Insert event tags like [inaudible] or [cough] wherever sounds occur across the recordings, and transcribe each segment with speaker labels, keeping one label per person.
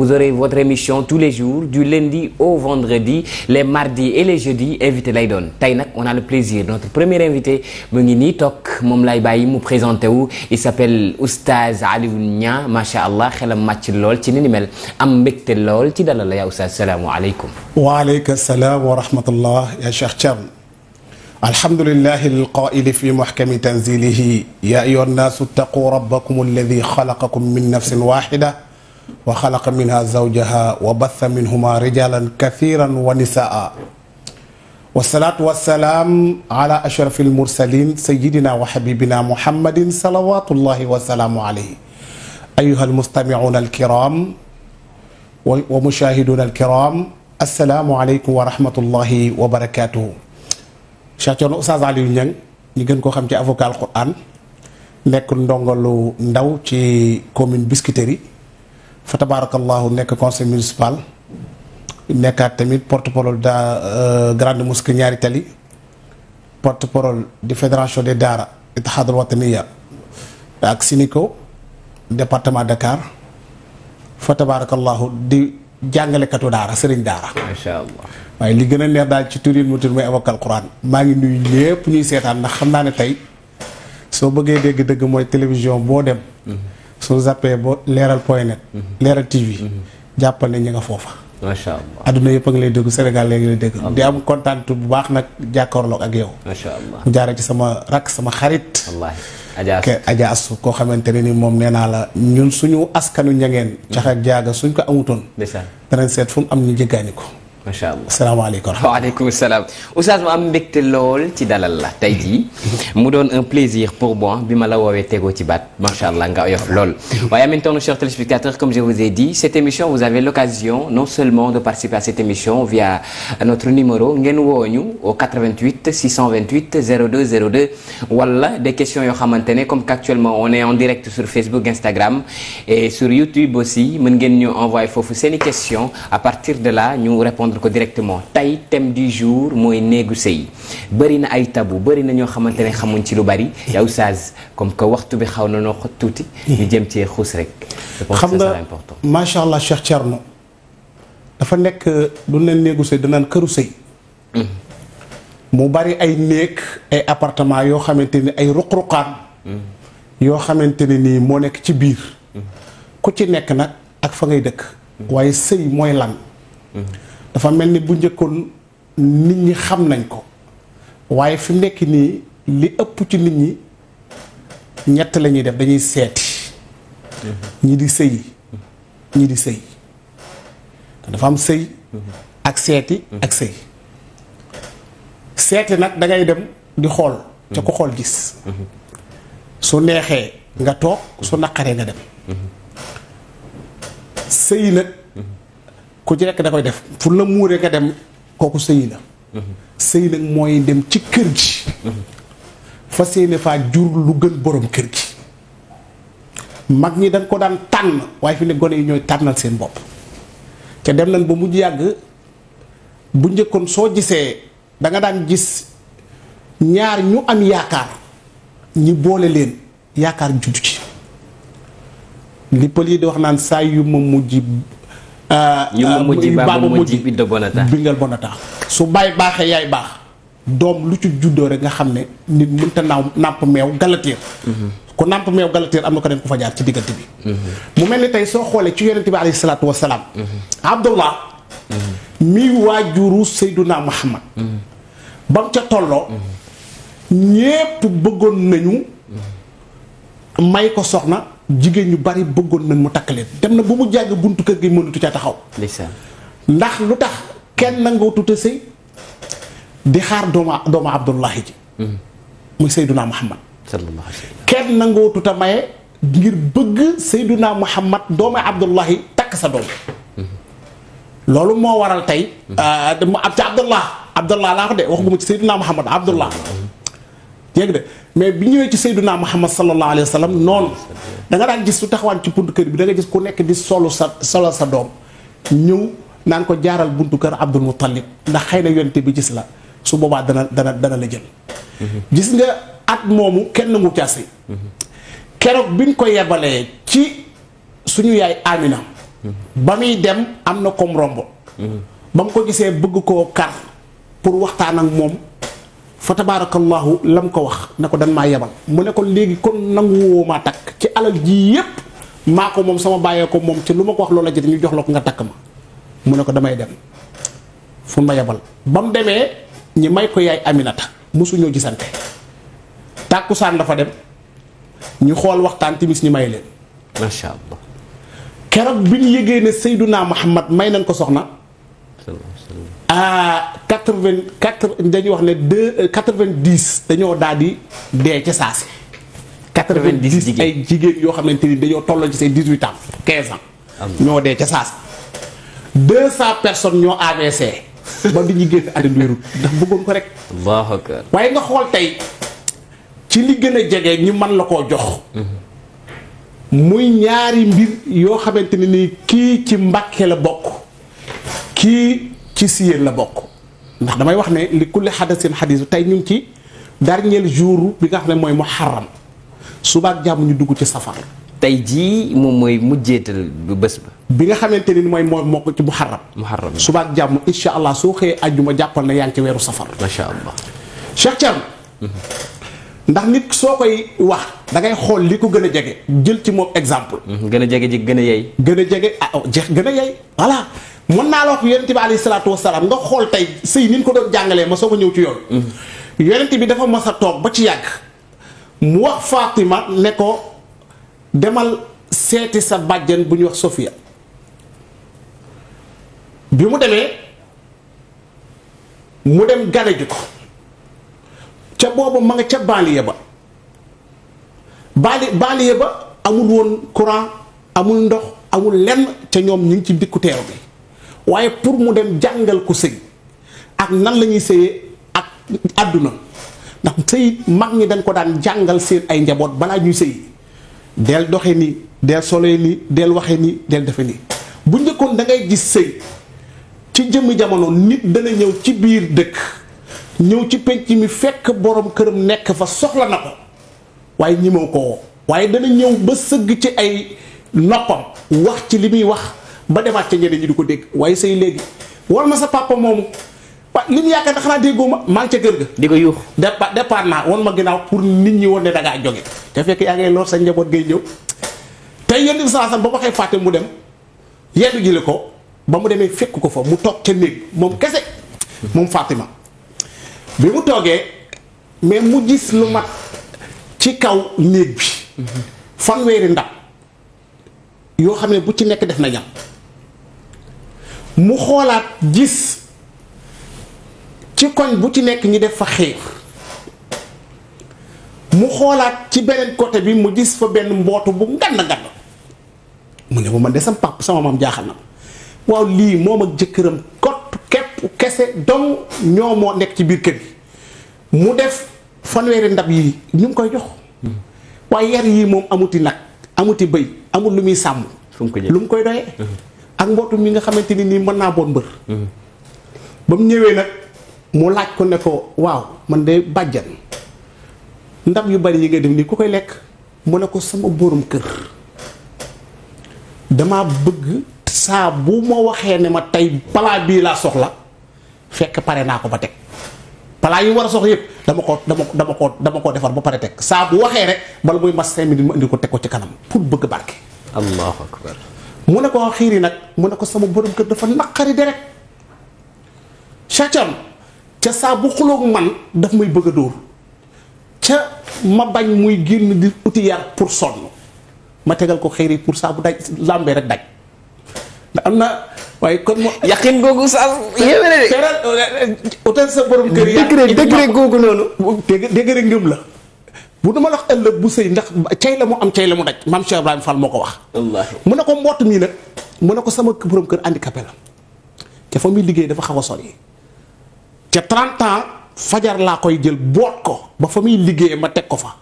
Speaker 1: Vous aurez votre émission tous les jours du lundi au vendredi les mardis et les jeudis invité lay doon tey nag on a le plaisir notre premier invité mu ngi nii toog moom lay bàyyi mu présenté wu il s'appelle Oustaz Alioune Niang macha allah xelam màcc lool ci ni ni mel am mbégte lool ci dalal la yaa Oustaz salaamualeykum.
Speaker 2: waaleykum salaam wa rahmatullah yaa Cheikh Thiam. alhamdulilah alqaili fi muhkami tanzilihi yaa ayyuha nnaasu ittaqu rabbakum alladi xalaqakum min nafsin waaxida wa xalaqa minha zawjaha wa batha minhuma rijalan kathiran wa nisaa wasalaatu wasalaam ala ashraf almursalin sayidina wa xabibina muhammadin salawatullahi wasalaamu alayhi ayuha almustamicuuna alkiram wa mushahiduuna alkiram assalaamu aleykum wa rahmatullahi wa barakatuhu Cheikh Oustaz Aliou Niang ñu gën koo xam ci avocat al Quran nekk ndongalu ndaw ci commune Biscuiterie fa tabaarakallaahu nekk conseil municipal nekkaat tamit porte parole da euh, grande mosquée ñaari tali porte parole de fédération des daara itihadul wataniya ak Sinico département Dakar fa tabaarakallaahu di jàngalekatu daara sëriñ daara. macha waaye li gën a neex daal ci tur yi mu tur mooy avocat Quran maa ngi nuyu ñëpp ñuy seetaan ndax xam naa ne tey soo bëggee dégg dëgg mooy télévision boo dem. Mm-hmm. soo zappee ba leeral point net. Mhm. leeral TV. Mhm. jàppal ne ñu foofa. macha allah adduna yëpp a ngi lay déggu Sénégal léegi lay dégg. di am kontaan bu baax nag jàkkaarloog ak yow. macha allah mu jaaree ci sama rakk sama xarit. wallaahi Adja koo xamante ne ni moom nee naa la ñun suñu askanu ñangeen. Mhm. cax ak jaaga suñ ko amutoon. danañ seet fu mu am ñu jéggaani ko. macha allah asalaamaaleykum
Speaker 1: waaleykum salaam oustaz ma am mbégte lool ci dalal la tey jii mu doon un plaisir pour moi bi ma la woowee tegoo ci baat macha allah nga oyof lool waaye amin toonu chers téléspectateurs comme je vous ai dit cette émission vous avez l'occasion non seulement de participer à cette émission via notre numéro ngeen wooñu au 88 des questions yoo xamante ne comme qu'actuellement on est en direct sur Facebook Instagram et sur YouTube aussi répondre ko directement tey thème du jour mooy néegu sëy bëri na ay tabu bëri na ñoo xamante ne xamuñ ci lu bari yow Oustaz comme que waxtu bi xaw na noo xot tuuti ñu jëm cee xuus rek xam nga
Speaker 2: macha allah Cheikh Thierno dafa nekk du leen néegu sëy danaan këru sëy hmm. mu bari ay néeg ay appartement yoo xamante ni ay ruq-ruqaan hmm. yoo xamante ne nii moo nekk ci biir hmm. ku ci nekk nag ak fa ngay dëkk waaye sëy mooy lan dafa mel ni bu njëkkoon nit ñi xam nañ ko waaye fi mu nekk nii li ëpp ci nit ñi ñett lañuy def dañuy seeti ñi di sëy ñi di sëy dafa am sëy ak seeti ak sëy seeti nag dangay dem di xool ca ko xool gis su neexee nga toog su naqaree nga dem sëy nag ku ci nekk da koy def fu la muuree nga dem kooku sëy la sëy mooy dem ci kër gi fa séene faa jur lu gën boroom kër gi mag ñi dañ ko daan tànn waaye fi ne gone yi ñooy tànnal seen bopp te dem nañ ba mujj yàgg bu njëkkoon soo gisee danga daan gis ñaar ñu am yaakaar ñi boole leen yaakaar juddu ci li yi di wax naan saa yu ma mujj baaba euh, euh, mujj bingal bonata su baay baaxee yaay baax doom lu ci juddoo rek nga xam ne nit mënta naaw nàmp meew galatiir mhm. ku nàmp meew galatiir am na ko neen ku fa jaar ci diggante bi mhm. mu mel ni tey soo xoolee ci yonent bi alayhi salaatu wassalaam mhm. abdullah mi waajuru seyduna muhammad ba ca tolloo ñépp bëggoon nañu may ko soxna jigéen ñu bari bëggoon nañ mu takk leen dem na ba mu jàng buntu kër gi mënutu ca taxaw. ndax lu tax kenn nangootu te sëy di xaar doomu doomu Abdullahi ji. Hmm. mu Seyduna Muhammad. sallallahu alayhi wa sallam kenn nangootu te maye ngir bëgg Seyduna Muhammad doomu Abdullahi takk sa doom. Hmm. loolu moo waral tey. mu euh, ab ci Abdullah Abdullah laa ko de wax gu ma ci Seyduna Muhammad Abdullah hmm. dégg nga. mais bi ñëwee ci Seydunaa Muhammad sallallahu alayhi wa sallam noonu da nga daan gis su taxawaan ci buntu kër bi da nga gis ku nekk di solu sa solo sa doom ñëw naan ko jaaral buntu kër Abdul Muttalib ndax xëy na yonte bi gis la su boobaa dana dana dana la jël. gis nga at moomu kenn mu caasi. keroog biñ ko yebalee ci suñu yaay Amina. ba muy dem am na kom romb. ba mu ko gisee bëgg koo kar pour waxtaan ak moom fa tabaarakallaahu lam ko wax ne ko dan maa yebal mu ne ko léegi kon nanguwoo maa takk ci alal jii yépp maa ko moom sama bàyyee ko moom ci lu ma ko wax loola ji ñu jox la ko nga takk ma mu ne ko damay dem fu ma yebal ba mu demee ñi may ko yaay Aminata mosuñoo gisante tàkkusaan dafa dem ñu xool waxtaan timis may leen. macha allah keroog bi ñu yëgee ne Seydunaa Muhammad may nañ ko soxna. à quatre vingt quatre dañuy wax ne deux euh, quatre vingt dañoo daal di dee ca saa si vingt dix jigéen ay jigéen yoo xamante ni dañoo tolloo ci seen dix huit ans quinze ans. ñoo dee ca saasi. deux cent personnes ñoo AVC. ba bi ñu génn àddina wérut ndax bëggoon ko rek. Allahu akbar waaye nga xool tey ci li gën a jege ñu man la ko jox. muy ñaari mbir yoo xamante ne ni kii ci Mbàkke la bokk kii. ci siyeen la bokk ndax damay wax ne li kulli seen xadisu tey ñu ngi ci dernier jour bi nga xam ne mooy muharram suba ak jàmm ñu dugg ci safar. tey jii moom mooy mujjeetal bu bés bi nga xamante ni mooy moo moo ko ci muharram. muharram suba ak jàmm incha allah soo xëyee àjjuma jàppal na yaa ngi ci weeru safar. macha allah Cheikh Thierno. Mhm. ndax nit soo koy wax da ngay xool li ko gën a jege jël ci moom exemple. Mhm, gën a jege ji gën a yey. gën a jege ah oh, jeex gën a yey voilà mën naa la wax yonent bi alayhi salaatu wasalaam nga xool tey sëy ni ko doon jàngalee ma soo ko ñëw ci yoon. Mhm. yonent bi dafa mas a toog ba ci yàgg mu wax Fatima ne ko demal seeti sa bàjjen bu ñuy wax Sofia bi mu demee mu dem gane ji ko. ca booba ma nga ca baaliya ba baali baaliya ba amul woon courant amul ndox amul lenn ca ñoom ñu ngi ci dikku teeru bi waaye pour mu dem jàngal ko sëy ak nan la ñuy sëyee ak àdduna ndax sëy mag ñi dañ ko daan jàngal seen ay njaboot balaa ñuy sëy del doxe nii del solee nii del waxe nii del defe nii bu njëkkoon dangay gis sëy ci jëmmi jamono nit dana ñëw ci biir dëkk ñëw ci penc mi fekk borom këram nekk fa soxla na ko waaye ñimoo ko woo waaye dana ñëw ba sëgg ci ay noppam wax ci li muy wax ba demaat ca ñeneen ñi du ko dégg waaye say léegi war ma sa papa moomu pa li mu yaakaar ne xanaa déggoo ma maa ngi ca kër ga. di ko yuux départ départ naa wan ma ginnaaw pour nit ñi woon ne da ngaa jóge te fekk yaa ngay lor sa njaboot ngay ñëw tey yenn saa ba waxee fàtte mu dem yeddu jëli ko ba mu demee fekk ko fa mu toog ca néeg moom kese moom Fatima. bi mu toogee mais mu gis lu mat ci kaw néeg bi fanweeri ndab yoo xam ne bu ci nekk def na ñam mu xoolaat gis ci koñ bu ci nekk ñi def fa xiir mu xoolaat ci beneen côté bi mu gis fa benn mbootu bu ngand ngand mu ne ma man de sama pàpp sama maam jaaxal na ma waaw lii moom ak jëkkëram kese dong ñoo moo nekk ci biir kër gi mu def fanweeri ndab yi ñu ngi koy jox waaye yar yii moom amuti nag amuti bëy amut lu muy sàmm lu mu koy doyee ak mbootu mi nga xamante ni nii mën naa boon mbër hmm. ba mu ñëwee nag mu laaj ko ne ko waaw man de bàjjan ndab yu bari yi nga def nii ku koy lekk mu ne ko sama boroom kër dama bëgg saabu bu ma waxee ne ma tey palaa bii laa soxla fekk pare naa ko ba teg palaa yi war a sox yëpp dama ko dama dama ko dama koo defar ba pare teg saabu waxee rek bala muy mas cinq minutes ma indi ko teg ko ci kanam pour bëgg barke. allahu akbar mu ne ko ah, xiiri nag mu ne ko sama borom kër dafa naqari de rek cacam ca saabu bu xuloog man daf may bëgg a dóor ca ma bañ muy génn di uti yar pour sonn ma tegal ko xiiri pour saabu bu daj làmbee rek daj am na waaye kon mu. yaqin googu sa yéeme na de. teral utal sa borom kër yaa. degré degré googu noonu. degré ngëm la. bu dama la wax ëllëg bu sëy ndax cay la mu am cay la mu daj maam Cheikh Ibrahima Fall moo ko wax. wallaahi mu ne ko mbott mii nag. mu ne ko sama borom kër handicapé la. te fa muy liggéey dafa xaw a sori. te 30 ans fajar laa koy jël boot ko ba fa muy liggéey ma teg ko fa.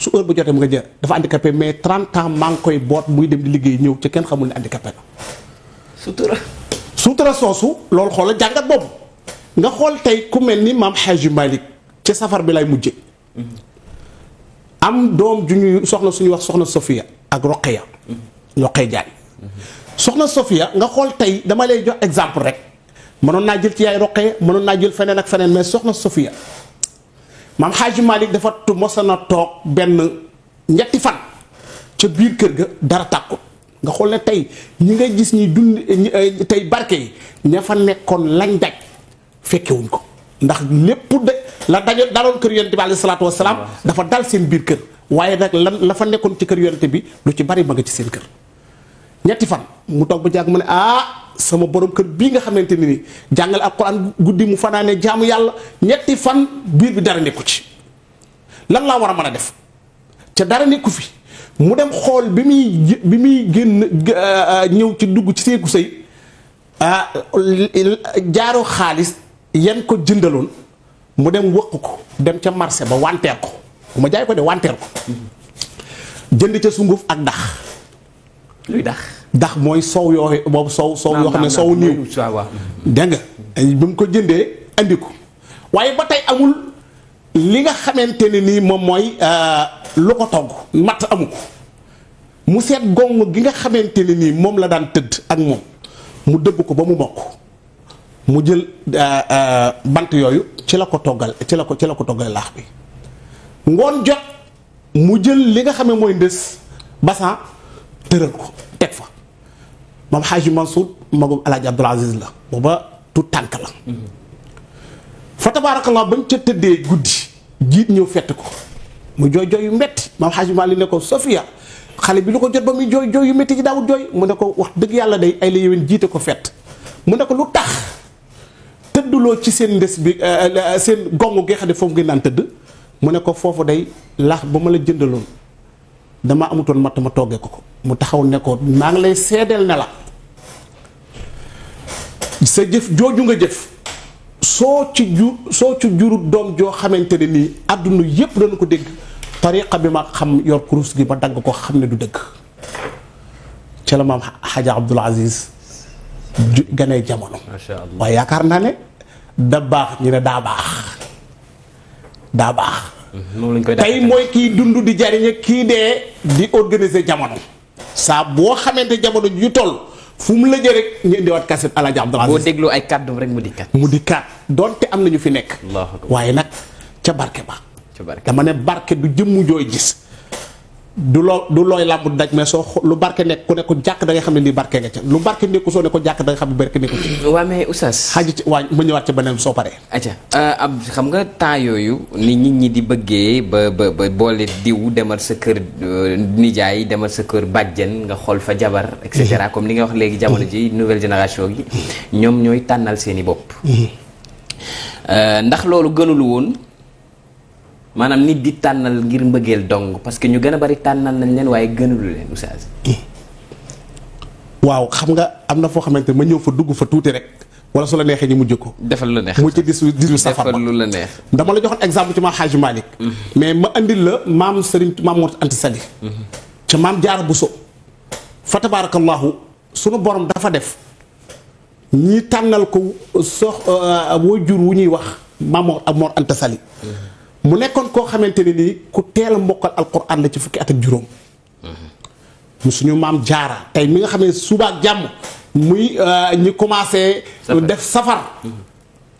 Speaker 2: su heure bu jotee mu nga jël dafa handicapé mais 30 ans maa ngi koy boot muy dem di liggéey ñëw ca kenn xamul ne handicapé la. sutura. sutura soosu loolu xoola jàngat boobu nga xool tey ku mel ni maam Xaaji Malick ci safar bi lay mujje am doom ju ñuy soxna suñuy wax soxna Sofia ak Roqeya Roqeya Jaay soxna Sofia nga xool tey dama lay jox exemple rek mënoon naa jël ci yaay Roqeya mënoon naa jël feneen ak feneen mais soxna Sofia maam Xaaji Malick dafa mos na toog benn ñetti fan ca biir kër ga dara tàkkut nga xool ne tey ñi nga gis ñi dund euh, tey barke yi ña fa nekkoon lañ daj fekkewuñ ko ndax lépp de la dajo daloon kër yonent bi alayhi salaatu wasalaam dafa dal seen biir kër waaye nag lan la fa nekkoon ci kër yonent bi lu ci bari ma nga ci seen kër ñetti fan mu toog ba jàng ma ne ah sama borom kër bii nga xamante ne ni jàngale alquran guddi mu fanaane jaamu yàlla ñetti fan biir bi dara nekku ci lan laa war a mën a def ca dara nekku fi mu dem xool bi muy bi muy génn ñëw ci dugg ci seeku sëy jaaro xaalis yan ko jëndaloon mu dem wëq ko dem ca marché ba wanteer ko bu ma jaay ko de wanteer ko jënd ca sunguf ak dax luy dax dax mooy soow yoo boobu soow soow yoo xam ne soow niiw dégg nga bi mu ko jëndee andi ko waaye ba tey amul li nga xamante ne nii moom mooy euh, lu ko togg matt amu mu seet gong gi nga xamante ne nii moom la daan tëdd ak moom mu dëbb ko ba mu mokk mu jël euh, euh, bant yooyu ci la ko toggal ci la ko ci la ko toggal laax bi ngoon jot mu jël li nga xam ne mooy ndës basan tëral ko teg fa ma xaaji ma magum alaaji Abdul Aziz la booba tu tànk la mm-hmm. fa tabaarakallah bañ ca tëddee guddi jiit ñëw fett ko mu jooy jooy yu metti maam xaaj Maalik ne ko Sofia xale bi lu ko jot ba muy jooy jooy yu metti ji daawut jooy mu ne ko wax dëgg yàlla day ay la yéwén jiite ko fett mu ne ko lu tax tëdduloo ci seen ndes bi euh, euh, seen gongu gi xam foofu ngeen naan tëdd mu ne ko foofu day laax ba ma la jëndaloon dama amatoon matt ma toggee ko ko mu taxaw ne ko maa ngi lay seedeel ne la sa jëf jooju nga jëf soo ci ju soo ci jurut doom joo xamante ne nii àdduna yépp dana ko dégg tariqa bi ma xam yor kurus gi ba dagg ko xam ne du dëgg ci la maam xaja abdul aziz ganee jamono waaye yaakaar naa ne da baax ñu ne daa baax daa baax mhm, tey mooy kii dund di jariñe kii dee di organiser jamono saa boo xamante jamono ju toll fu mu la jë rek ñu indiwaat kaset alaaji Abdul Aziz boo déglu ay kàddu rek mu dikkaat mu dikkaat donte am na ñu fi nekk waaye nag ca barke ba dama ne barke du jëmm jooy gis du loo du looy làmb daj mais soo lu barke nekk ku ne ko jàkk da xam ne lii barke nga ca lu barke nekku soo ne ko jàkk da nga xam ne barke nekku ci. waaw mais oustaz. xaaju ci waañ ma ñëwaat ci beneen soo paree. acca euh, am xam nga
Speaker 1: temps yooyu nit ñi di bëggee ba ba ba boole diw demal sa kër euh, nijaay demal sa kër bàjjen nga xool fa jabar et cetera comme li nga wax léegi jamono ji nouvelle génération gi ñoom ñooy tànnal seen i bopp. Mhm. Euh, ndax loolu gënul woon. maanaam nit di tànnal ngir mbëggeel dong parce que ñu gën a bari tànnal nañ
Speaker 2: leen waaye gënalu leen oustaz eh. waaw xam nga am na foo xamante ma ñëw fa dugg fa tuuti rek wala su la neexee ñu mujj ko. defal lu neex mu ci dis disu safar defal lu la neex. dama la joxoon exemple ci maam Hadj Malick. Mm-hmm. mais ma andil la maam Serigne maam Mor Anta Sali. Mm-hmm. ca maam Diarra Bousso. fa tabaarakallaahu sunu borom dafa def ñi tànnal ko sox euh, jur wu ñuy wax maam Mor Anta Sali. Mm-hmm. mu nekkoon koo xamante ne nii ku teel a mbokkal alquran la ci fukki at ak juróom. Mhm. mu suñu maam jaara tey mi nga xam ne suba jàmm muy euh, ñi commencé. def safar.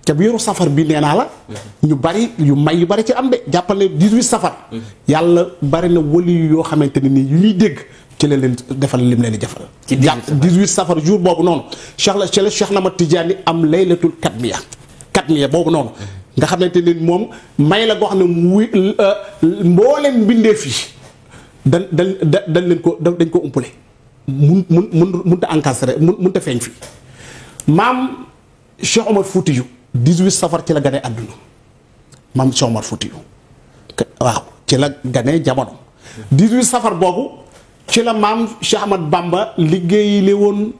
Speaker 2: te bu yoru safar bi nee naa la. Mhm. ñu bari yu may yu bari ci am de jàppal ne 18 safar. Mhm. yàlla bari na wali yoo xamante ni nii yu ñuy dégg. ci leen leen defal lim leen di jafal ci 18 safar jour boobu noonu. Cheikh la ma tijaan Tidiane am laylatul katmiya katmiya boobu noonu. nga xamante ne moom may la goo xam ne mu euh, mbooleem mbindeef yi dañ dañ dañ leen ko dañ ko umpale mun mun mun munta encastré mun munta feeñ fi maam Cheikh Omar Foutiyou 18 safar ci la gane àdduna maam Cheikh Omar Foutiyou waaw ci la gane jamono 18 safar boobu ci la maam Cheikh Ahmad liggéey liggéeyile woon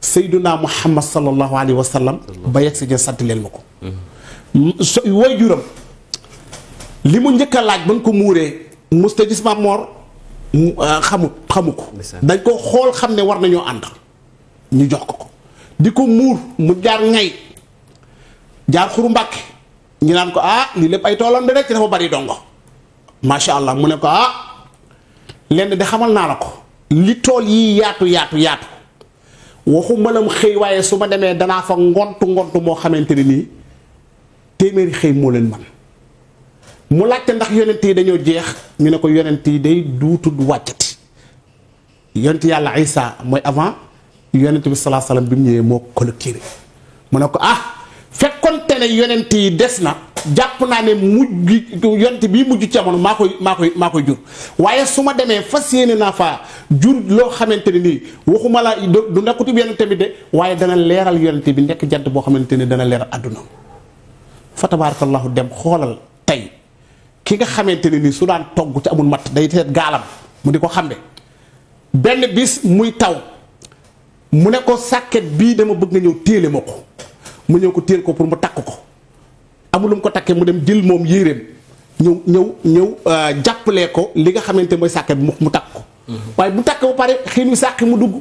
Speaker 2: Seyduna Muhammad sallallahu alayhi wa sallam ba yegg si sant leen ma ko mm-hmm. so way juram li mu njëkk a laaj ba nga ko muuree musta gis ma moor euh, xamut xamu ko dañ ko xool xam ne war nañoo ànd ñu jox ko ko di ko muur mu jaar ngay jaar xuru mbàkke ñu naan ko ah lii lépp ay toolam de rek dafa bari dongo macha allah mu ne ko ah lenn de xamal naa la ko li tool yii yaatu yaatu yaatu waxu malam xëy waaye su ma demee danaa fa ngontu ngontu moo xamante ne nii téeméeri xëy moo leen man mu laajte ndax yonent yi dañoo jeex ñu ne ko yonent yi day duutu du wàccati yonent yàlla Isa mooy avant yonent bi salaa bi mu ñëwee moo collecté mu ne ko ah fekkonte ne yonent yi des na jàpp naa ne mujj yonent bi mujj ci amoon maa koy maa koy maa koy jur waaye su ma demee fas yéene naa fa jur loo xamante ne nii waxuma la du nekkutub yonent bi de waaye dana leeral yonent bi nekk jant boo xamante ne dana leeral àdduna fa tabarakallahu dem xoolal tey ki nga xamante ne ni su daan togg ci amul matt day seet gaalam mu di ko xam ne benn bis muy taw mu ne ko sàkket bii dama bëgg nga ñëw téele ma ko mu ñëw ko téel ko pour mu takk ko amul lu mu ko takkee mu dem jël moom yéreem ñëw ñëw ñëw euh, jàppalee ko li nga xamante mooy sàkket bi mu takk ko mm-hmm. waaye bu takk ba pare xiin wi sàkki mu dugg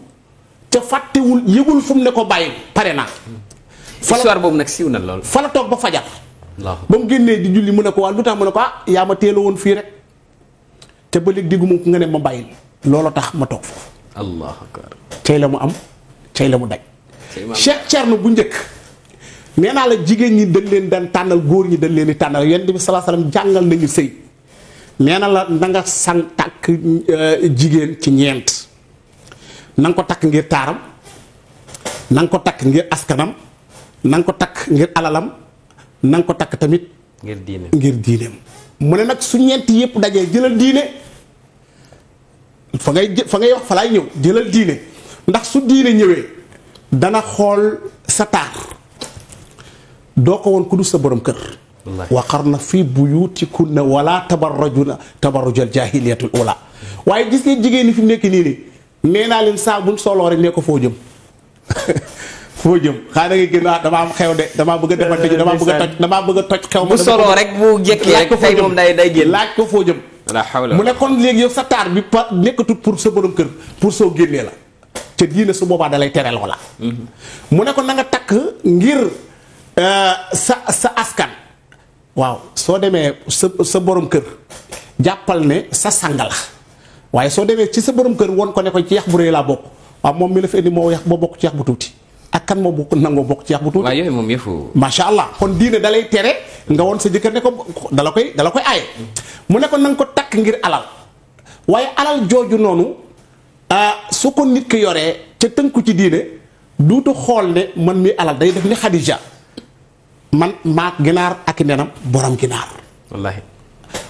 Speaker 2: ca fàttewul yëgul fu mu ne ko bàyyi pare naa. histoire boobu nag siiw na lool. fa la toog ba fajal ba mu génnee di julli mu ne ko waa lu tax mu ne ko ah yaa ma teela woon fii rek te ba léegi digguma ko nga ne ma bàyyil loolu tax ma toog foofu la mu am cey la mu daj Cheikh Thierno bu njëkk nee naa la jigéen ñi dañ leen daan tànnal góor ñi dañ leen di tànnal yonent bi salaa salaam jàngal nañu sëy nee na la na nga sang tàkk euh, jigéen ci ñeent na ko takk ngir taaram na ko takk ngir askanam na ko takk ngir alalam na nga ko takk tamit. ngir diine ngir diineem. mu ne nag su ñeent yëpp dajee jëlal diine fa ngay fa ngay wax falaay ñëw jëlal diine ndax su diine ñëwee dana xool sa taar doo ko woon ku sa borom kër. wa qarna fi buyutikunna wala tabarrajuna tabarrujal jahiliyatul ula waaye gis ngay jigéen ñi fi nekk nii nii nee naa leen soloo rek nee ko foo jëm. [laughs] foo jëm xaa da ngay génn ah dama am xew de damaa bëgg a defante ji damaa bëgg a toj damaa bëgg a toj xew ma bu soroo rek bu jékki rek tey moom day day génn laaj ko foo jëm mu ne kon léegi yow sa taar bi pa nekkatul pour sa borom kër pour soo génnee la ca diine su boobaa da lay tere loola mm-hmm. mu ne ko na nga takk ngir euh, sa sa askan waaw soo demee sa sa borom kër jàppal ne sa sang la waaye soo demee ci sa borom kër won ko ne ko ci yax bu rëy laa bokk waaw moom mi la fi indi moo yax moo bokk ci yax bu tuuti ak kan moo bokk nangoo bokk ci yàq bu tuuti. waaw yooyu allah kon diine da lay tere nga woon sa jëkkër ne ko dala koy dala koy aaye. mu ne ko na ko takk ngir alal waaye alal jooju noonu ah, su ko nit ki yoree ca tënku ci diine duutu xool ne man mi alal day def ni Xadija man maak ginaar ak nenam borom ginaar. wallaahi.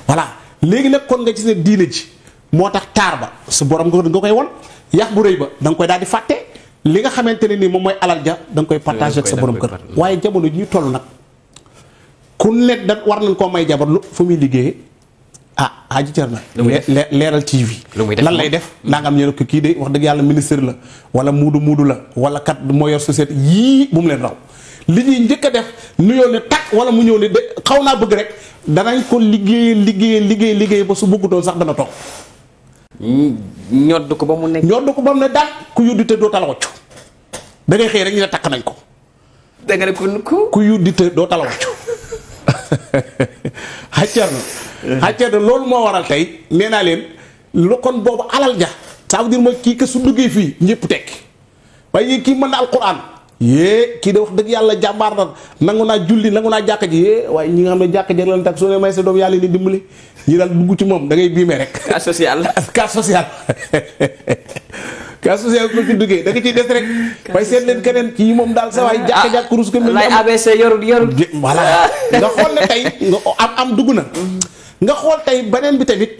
Speaker 2: voilà léegi nag kon nga gis ne diine ji moo tax taar ba su borom nga koy won yàq bu rëy ba da koy daal di fàtte. li nga xamante ne nii moom mooy alal ja da koy partager ak sa borom kër waaye jamono ji ñu tollu nag ku nekk da war nañ koo may jabar lu fu muy liggéeyee ah aji cër na leeral TV lan lay def ndaa nga am ñu ne ko kii de wax dëgg yàlla ministre la wala muudu muudu la wala kat moo yor société yii bu mu leen raw li ñuy njëkka def nu nuyoo ne takk wala mu ñëw ne de xaw naa bëgg rek danañ ko liggéeyee liggéeyee liggéey liggéey ba su bëggu doon sax dana toog ñodd ko ba mu nekk. ñodd ko ba mu ne daal ku yuddi te doo tal waccu da ngay xëy rek ñu ne takk nañ ko. da nga ne ku ku yuddi te doo tal waccu xàcceer na. xàcceer loolu moo waral tey nee naa leen lu kon boobu alal ja ça veut dire mooy kii ka su duggee fii ñëpp tekki waaye kii mën na alquran yée kii de wax dëgg yàlla jàmbaar na nangu naa julli nangu naa jàkk ji yée waaye ñi nga xam ne jàkk ji na lañ takk soo ne may sa doom yàlla ni dimbali ñi daal dugg ci moom da ngay biime rek. [laughs] cas social [laughs] cas social. cas social bu ci duggee da nga ciy rek. bay seet leen keneen kii moom daal sa waay ah, jàkka ah, jàkk ruus ko. lay ABC yorul yorul. voilà ah. nga xool ne tey [laughs] nga am am dugg na. nga xool tey beneen bi tamit.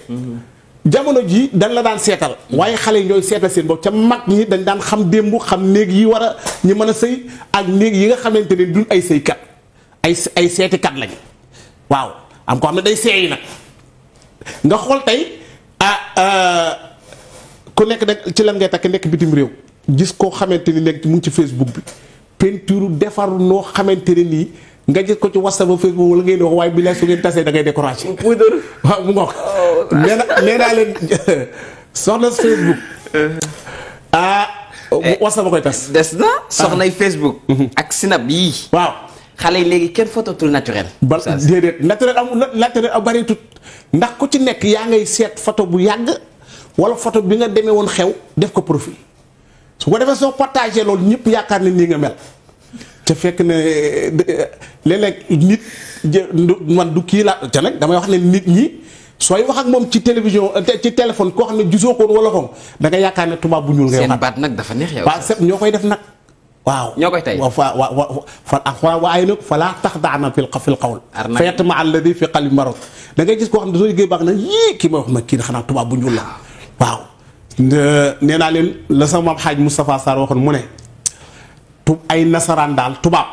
Speaker 2: jamono ji dañ la daan seetal waaye xale yi ñooy seetal seen bopp ca mag ñi dañ daan xam démb xam néeg yi war a ñu mën a sëy ak néeg yi nga xamante ne duñ ay sëykat ay ay seetikat lañ waaw am ko xam ne day seey nag. nga xool tey ah euh, ku nekk nag ci lan ngay takk nekk bitim réew gis koo xamante ni nekk mu ci Facebook bi peinture defar noo xamante ne nii nga gis ko ci WhatsApp ba Facebook wala ngeen wax waaye bi lay tasee da ngay découragé. puudar waaw mu ngoog. nee na nee naa leen [laughs] soxna eh, ah, eh, WhatsApp ba koy tas. des na soxnay ah. Facebook. Mhm. ak Snap yii waaw. xale yi léegi kenn phototul naturel. ba déedéet naturel amul naturel a bëri tut ndax ku ci nekk yaa ngay seet photo bu yàgg wala photo bi nga demee woon xew def ko profil su ko defee soo partagé loolu ñëpp yaakaar ne nii nga mel. te fekk ne léeg-léeg nit man du kii laa te nag wax ne nit ñi sooy wax ak moom ci télévision ci téléphone koo xam ne gisoo ko woon wala xam yaakaar ne tubaab bu ñuul ngay wax. seen baat nag dafa neex yow. ñoo koy def nag. waaw ñoo koy tey ah, fa wa waaye nag falaa tax daana fil fil qawl fa yatma alladi fi qalbi marad da ngay gis koo xam ne soo na kii may wax ma kii xanaa tubaab bu ñuul la waaw nee naa leen la sama maam xaaj Moustapha Sarr waxoon mu ne tu ay nasaraan daal tubaab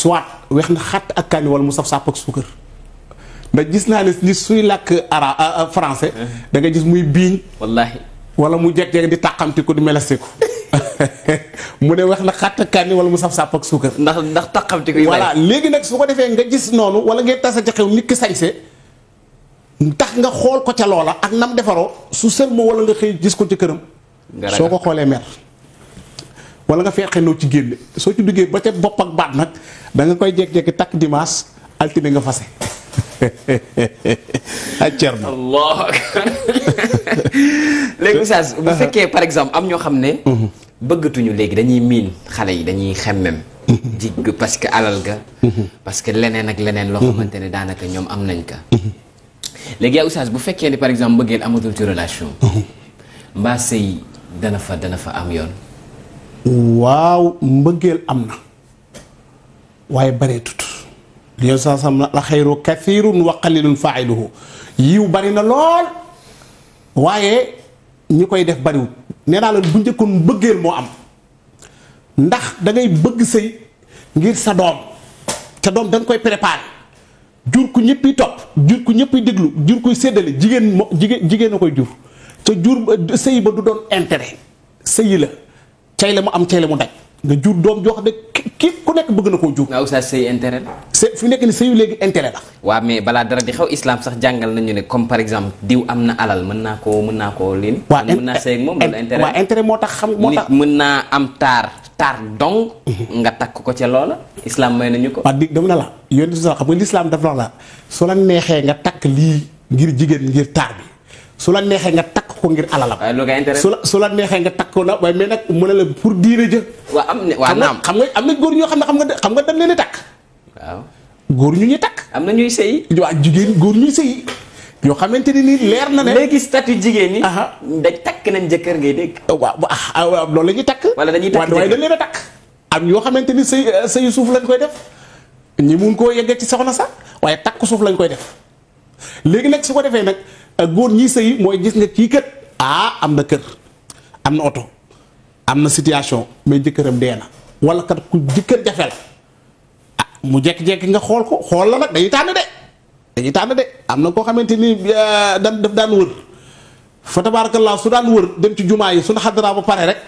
Speaker 2: soit weex na xàtt ak kaani wala mu saf sàpp ak suukar ndax gis naa ne ni suy làkk ara français uh-huh. da nga gis muy biiñ wallaahi wala mu jeg jeg di tàqamti ko di meleste ko [laughs] [laughs] mu ne wax la xàtt kànni wala mu saf sàpp ak suukar. ndax ndax taxamti ko. voilà léegi nag su ko defee nga gis noonu wala ngay tasa ca xew nit ki sañse tax nga xool ko ca loola ak nam defaroo su sër wala nga xëy gis ko ci këram. soo ko xoolee mer. wala nga feexe noo ci génne soo ci duggee ba ca bopp ak baat nag da nga koy jékki-jékki takk dimanche altine nga fase [laughs] ay Thierno allah [laughs]
Speaker 1: léegi Oustaz bu uh-huh. fekkee par exemple am ñoo xam ne. Uh-huh. bëggatuñu léegi dañuy miin xale yi dañuy xemmem jigg mhm. parce que alal ga mhm. parce que leneen ak leneen loo mhm. xamante ne daanaka ñoom am nañ ka léegi yaa oustaz bu fekkee ni par exemple mbëggeel amatul ci relation mbaa sëy dana fa dana fa am yoon
Speaker 2: waaw mbëggeel am na waaye bareetut li yow saa sam la xayru kathirun wa qalilun yiw bari na lool waaye ñi koy def bariwut nee naa leen bu njëkkoon bëggeel moo am ndax dangay bëgg sëy ngir sa doom te doom da koy préparé jur ku ñëpp yi topp jur ku ñëpp yi déglu jur kuy séddale jigéen moo jigéen jigéen a koy jur te jur sëy ba du doon intérêt sëy la cay la mu am cay la mu daj nga jur doom joo xam ne ki ku nekk bëgg na koo jur. waaw oustaz sëy intérêt la. c'est nekk ni sëyu léegi intérêt la. waaw
Speaker 1: mais balaa dara di xew islam sax jàngal nañu ne comme par exemple diw am na alal mën naa koo mën naa koo leen. waaw mën naa sëy ak moom loolu intérêt waaw
Speaker 2: intérêt moo tax xam
Speaker 1: moo naa am taar taar dong. nga takk ko ca loola. islam may nañu ko.
Speaker 2: waaw di dama na la yow de xam nga l'islam daf la wax la su la neexee nga takk lii ngir jigéen ngir taar bi su la neexee nga takk ko ngir alalam. Ah, su la su la neexee nga takk ko na waaye mais nag mu ne la pour diine jë. waaw am na waaw naam xam nga am na góor ñoo xam ne xam nga xam nga dañ leen a takk. waaw góor ñu ñuy takk. am na ñuy sëy. waaw jigéen góor ñuy sëy. yoo xamante ne nii leer na ne. léegi statut jigéen ñi. dañ takk nañ jëkkër ngay dégg. waaw waaw ah, ah, loolu la ñuy takk. wala dañuy takk waaye dañ leen a takk. am yoo xamante ni sëy eh, sëyu suuf lañ koy def ñi mun koo yeggee ci soxna sax waaye takk suuf lañ koy def léegi nag su ko defee nag ak góor ñi sëy mooy gis nga kii kët ah am na kër am na oto am na situation mais jëkkëram dee na wala jafe la mu jekki-jekki nga xool ko xool la nag tànn de dañuy tànn de am na koo xamante ni euh, daan daf daan wër fa tabaarakallaa su daan wër dem ci jumaa yi suñu xadaraa ba pare rek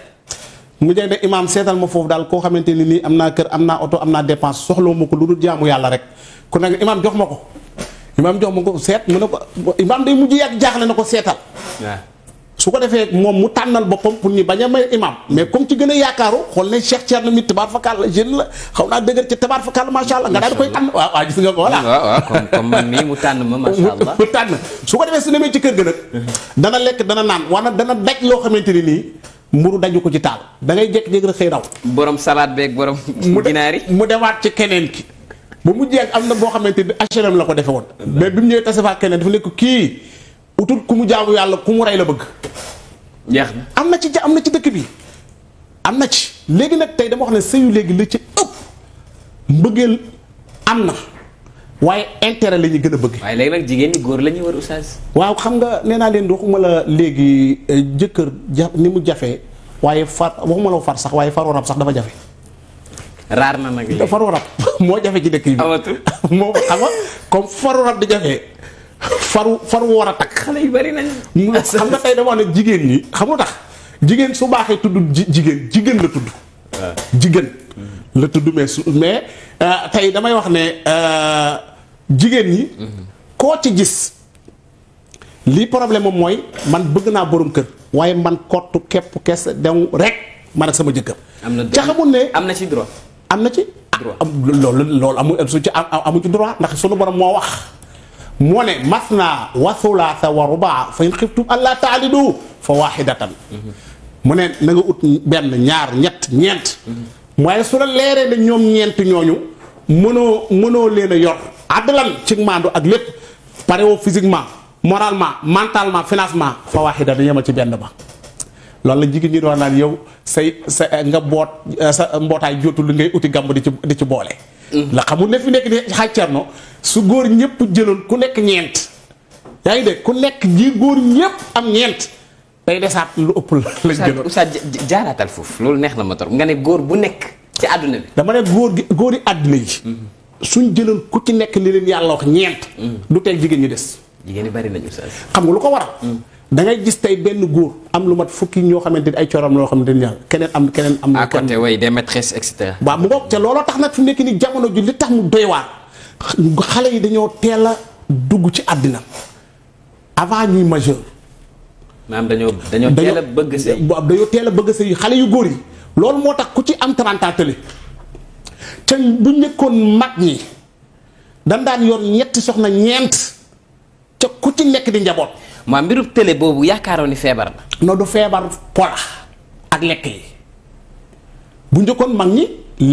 Speaker 2: mu jeg ne imaam seetal ma foofu daal koo xamante ni nii am naa kër am naa oto am naa dépense soxlawu ma ko lu dul jaamu yàlla rek kon nag imaam jox ma ko imaam jox ma ko seet mu ne ko imaam day mujj yàgg jaaxle na ko seetal. su ko defee moom mu tànnal boppam pour ñu bañ a may imaam mais comme ci gën a yaakaaru xool ne Cheikh Thierno mi tabaar fakal la jeune la xaw naa dëgër ci tabaar fakal macha allah nga daal di koy tànn waaw mu tànn ma macha allah [laughs] mu tànn su ko defee su demee ci kër ga a [laughs] dana lekk dana naan wala dana daj loo xamante ni nii. mburu daju ko ci taal da ngay jékki-jékki rek xëy raw.
Speaker 1: borom salade beeg
Speaker 2: borom. ginaar yi mu demaat ci keneen ki. ba mu jeex am na boo xamante ni HLM la ko defe woon. mais bi mu ñëwee tase faa keneen dafa nekk kii utul ku mu jaamu yàlla ku mu rey la bëgg. am na ci ja am na ci dëkk bi am na ci léegi nag tey dama wax ne sëyu léegi la ci ëpp mbëggeel am na waaye intérêt la ñuy gën a bëgg. waaye léegi nag jigéen ñi góor la ñuy war waaw xam nga nee naa leen waxuma la léegi eh, jëkkër ja ni mu jafe waaye far waxuma la far sax waaye faru rab sax dafa jafe. raar na nag léegi faru rab [laughs] moo jafe ci dëkk bi. amatul [laughs] moo xam nga comme faru rab di jafe faru faru war a takk. xale yu bari xam nga tey dama ne jigéen ñi xam tax jigéen su baaxee tudd jigéen jigéen la tudd. Ah. jigéen. la tudd mais su mais euh, tey damay wax ne euh, jigéen ñi. Mhm. koo ci gis. lii problème moom mooy man bëgg naa boroom kër waaye man kottu képp kes dew rek man ak sama jëkkër. am na ci droit ca xamul ne am na ci am na ci. Ah, loolu loolu amu su ci amu ci droit ndax sunu borom moo wax moo ne masna wa sulaasa wa rubaa fa in xiftum allaa taalidu fa waaxidatan mu ne na ut benn ñaar ñett ñeent waaye su la leeree ne ñoom ñeent ñooñu mënoo mënoo leen a yor addalan ci maandu ak lépp parewoo physiquement moralement mentalement financement fa waaxidatan yemal ci benn ba loolu la jigéen ñi doon naan yow say sa eh, nga boot eh, sa mbootaay jotul li ngay uti gàmb di ci di ci boole. la mm-hmm. xamul ne fi nekk nii xaaj Cerno su góor ñëpp jëloon ku nekk ñeent. yaa ngi dégg ku nekk ji góor ñëpp am ñeent day desaat lu ëpp la lañ jëloon. Oustaz jaaraatal foofu loolu neex na ma trop nga ne góor bu nekk ci àdduna bi. dama ne góor gi góor yi àdduna yi. Mm-hmm. suñ jëloon ku ci nekk li leen yàlla wax ñeent. lu mm-hmm. teg jigéen ñi des. jigéen ñi bari nañu xam nga lu ko waral. da ngay gis tey benn góor am lu mat fukki ñoo xamante ni ay coram loo xamante ni yàlla keneen am keneen am. à côté way des maîtresses et cetera. waaw mu ngoog te looloo tax nag fi mu nekk nii jamono ji li tax mu doy waar xale yi dañoo teel a dugg ci àddina avant ñuy majeur. maanaam dañoo dañoo teel a bëgg sëy dañoo teel a bëgg sëy xale yu góor yi loolu moo tax ku ci am 30 ans tële te bu nekkoon mag ñi dañ daan yor ñetti soxna ñeent te ku ci nekk di njaboot. maa mbirub télé boobu yaakaaroon ni feebar la. non du feebar pola ak lekk yi bu njëkkoon mag ñi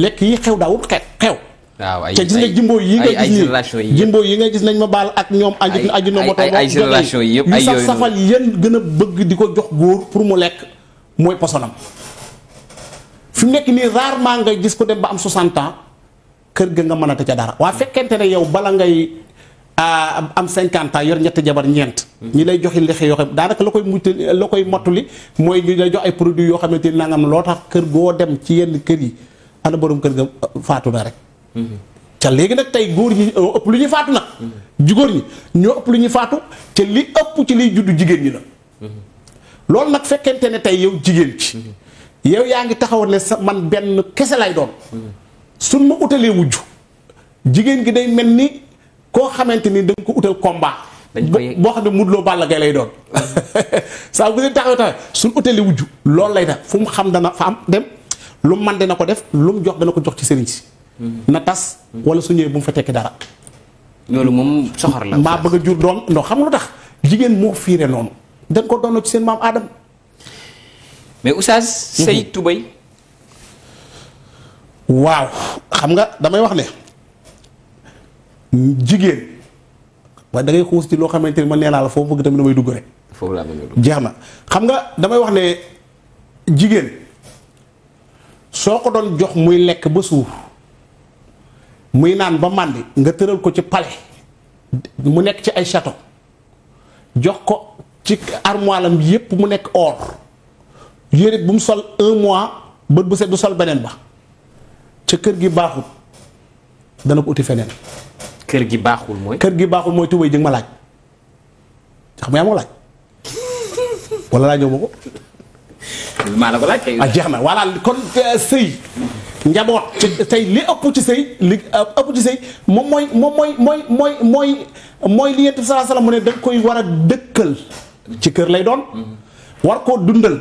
Speaker 2: lekk yi xew daawut xew xew. waaw ay ay gis jimbo yi nga gis nii jimbo yi nga gis nañ ma baal ak ñoom. ay ay ay génération yi yëpp ay yooyu sax safal yéen gën a bëgg di ko jox góor pour mu lekk mooy posonam. fi mu nekk nii rarement ngay gis ko dem ba am 60 ans kër ga nga mënata ca dara waa fekkente ne yow bala ngay. Ah, am cinquante ans yor ñetti jabar ñeent ñi lay joxi lexe yoo xam daanaka la koy mujj la koy mottali mooy ñu lay jox ay produit yoo xamante ni nangam loo tax kër goo dem ci yenn kër yi ana borom kër ga uh, faatu na rek mm-hmm. ca léegi nag tey góor ñi uh, ëpp lu ñuy faatu nag mm-hmm. jigóor ñi ñoo ëpp lu ñuy faatu te li ëpp ci liy juddu jigéen ñi la
Speaker 3: mm-hmm.
Speaker 2: loolu nag fekkente ne tey yow jigéen ci yow yaa ngi taxaw ne sa man benn kese lay doon suñ ma utalee wujj jigéen gi day mel ni koo xamante ni da ko utal combat. dañ koy boo xam ne Modou loo Balla Gaye lay doon. [laughs] saa bu leen taxawee taxawee suñ utalee wujju loolu lay def fu mu xam dana fa am dem lu man dana ko def lu mu jox dana ko jox ci sëriñ si. Mm-hmm. na tas wala su ñëwee bu mu fa tekki dara. loolu moom soxor la. maa bëgg a jur doom ndox xam lu tax jigéen moo fiire noonu. dañ ko doon ci seen maam Adam. mais Oustaz. say mm-hmm. tubay. waaw xam nga damay wax ne. jigéen waaye da ngay xuus ci loo xamante ni man nee naa la foofu bëgg tamit damay dugg rek.
Speaker 1: foofu laa bëgg
Speaker 2: jeex na xam nga damay wax ne jigéen soo ko doon jox muy lekk ba suur muy naan ba màndi nga tëral ko ci palais mu nekk ci ay château jox ko ci armoire am yépp mu nekk or yére bu mu sol un mois bët bu set du sol beneen ba ca kër gi baaxut dana ko uti feneen kër gi baaxul mooy. kër gi baaxul mooy tubay jëng ma laaj xam nga yaa ma ko laaj wala laajoo ma ko. maa la ko laaj kay. ah jeex na voilà euh, njaboot ci tey li ëpp ci sëy euh, mooy moom mooy mooy mooy mooy mooy li yent bi koy war a dëkkal kër lay doon mm-hmm. koo dundal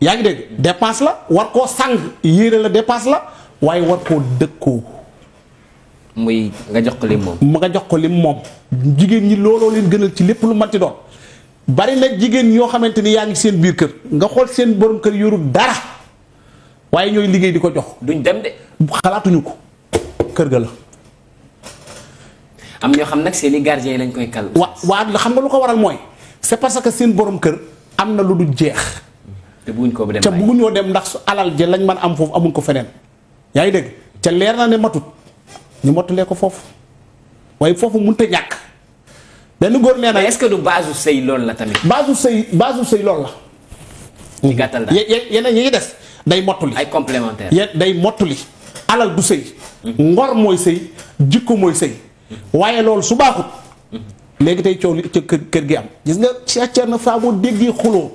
Speaker 2: yaa ngi dégg dépense la war koo sàng yéere la dépense la waaye war koo dëkkoo muy nga jox ko lim moom. ma nga jox ko lim moom jigéen ñi looloo leen gënal ci lépp lu manti doon bari nag jigéen ñoo xamante ni yaa ngi seen biir kër nga xool seen borom kër yorul dara waaye ñooy liggéey di ko jox. duñ dem de. xalaatuñu ko kër ga la. am ñoo xam nag seen i yi lañ koy kal. wa waaw xam nga lu ko waral mooy c'est parce que seen borom kër am na lu du jeex. te buñ ko dem te bëgguñoo ndax su alal ji lañ man am foofu amuñ ko feneen. yaa ngi dégg te leer na ne matut. ñu mottalee ko foofu waaye foofu mënut a ñàkk. benn góor nee na est-ce que du base su sëy loolu tamit. base su sëy base su sëy loolu la. ci gàttal daal yeneen yi des day mottuli. ay complémentaire day mottuli. alal du sëy. ngor mooy sëy jikko mooy sëy. waaye loolu su baaxut. léegi tey coow li ca kër gi am gis nga Cheikh na Fa boo déggee xuloo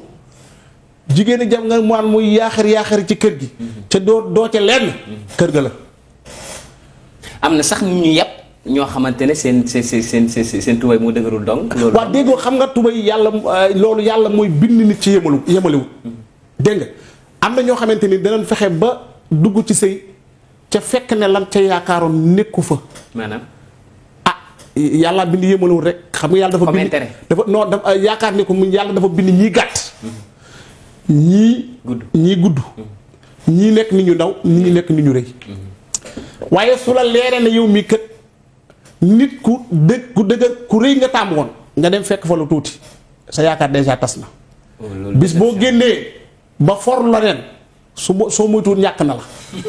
Speaker 2: jigéen jam nga mu muy yaaxar yaaxar ci kër gi. ca doo doo ca lenn kër gi la. am na sax ñu yàpp ñoo xamante ne seen seen seen
Speaker 1: seen seen tubay moo dëgërul dong. loolu waaw
Speaker 2: déggoo xam nga tubay yàlla euh, loolu yàlla mooy bind nit ci yemalu yemalewut. Mm-hmm. dégg am na ñoo xamante ni danañ fexe ba dugg ci sëy ca fekk ne lan ca yaakaaroon nekku fa. maanaam. ah yàlla bind yemalewut rek. xam nga yàlla dafa bind dafa non dafa euh, yaakaar ne ko yàlla dafa bind ñii gàtt. Mm-hmm. ñii. gudd ñii gudd. Mm-hmm. ñii nekk nit ñu ndaw ñii nekk nit ñu rëy. waaye su la leeree ne yow mi kët nit ku dëgg ku dëgg ku rëy nga tàmm woon nga dem fekk fa lu tuuti sa yaakaar déjà tas na. Oh, bis boo génnee ba for la ren su soo moytuwul ñàkk na la. [laughs]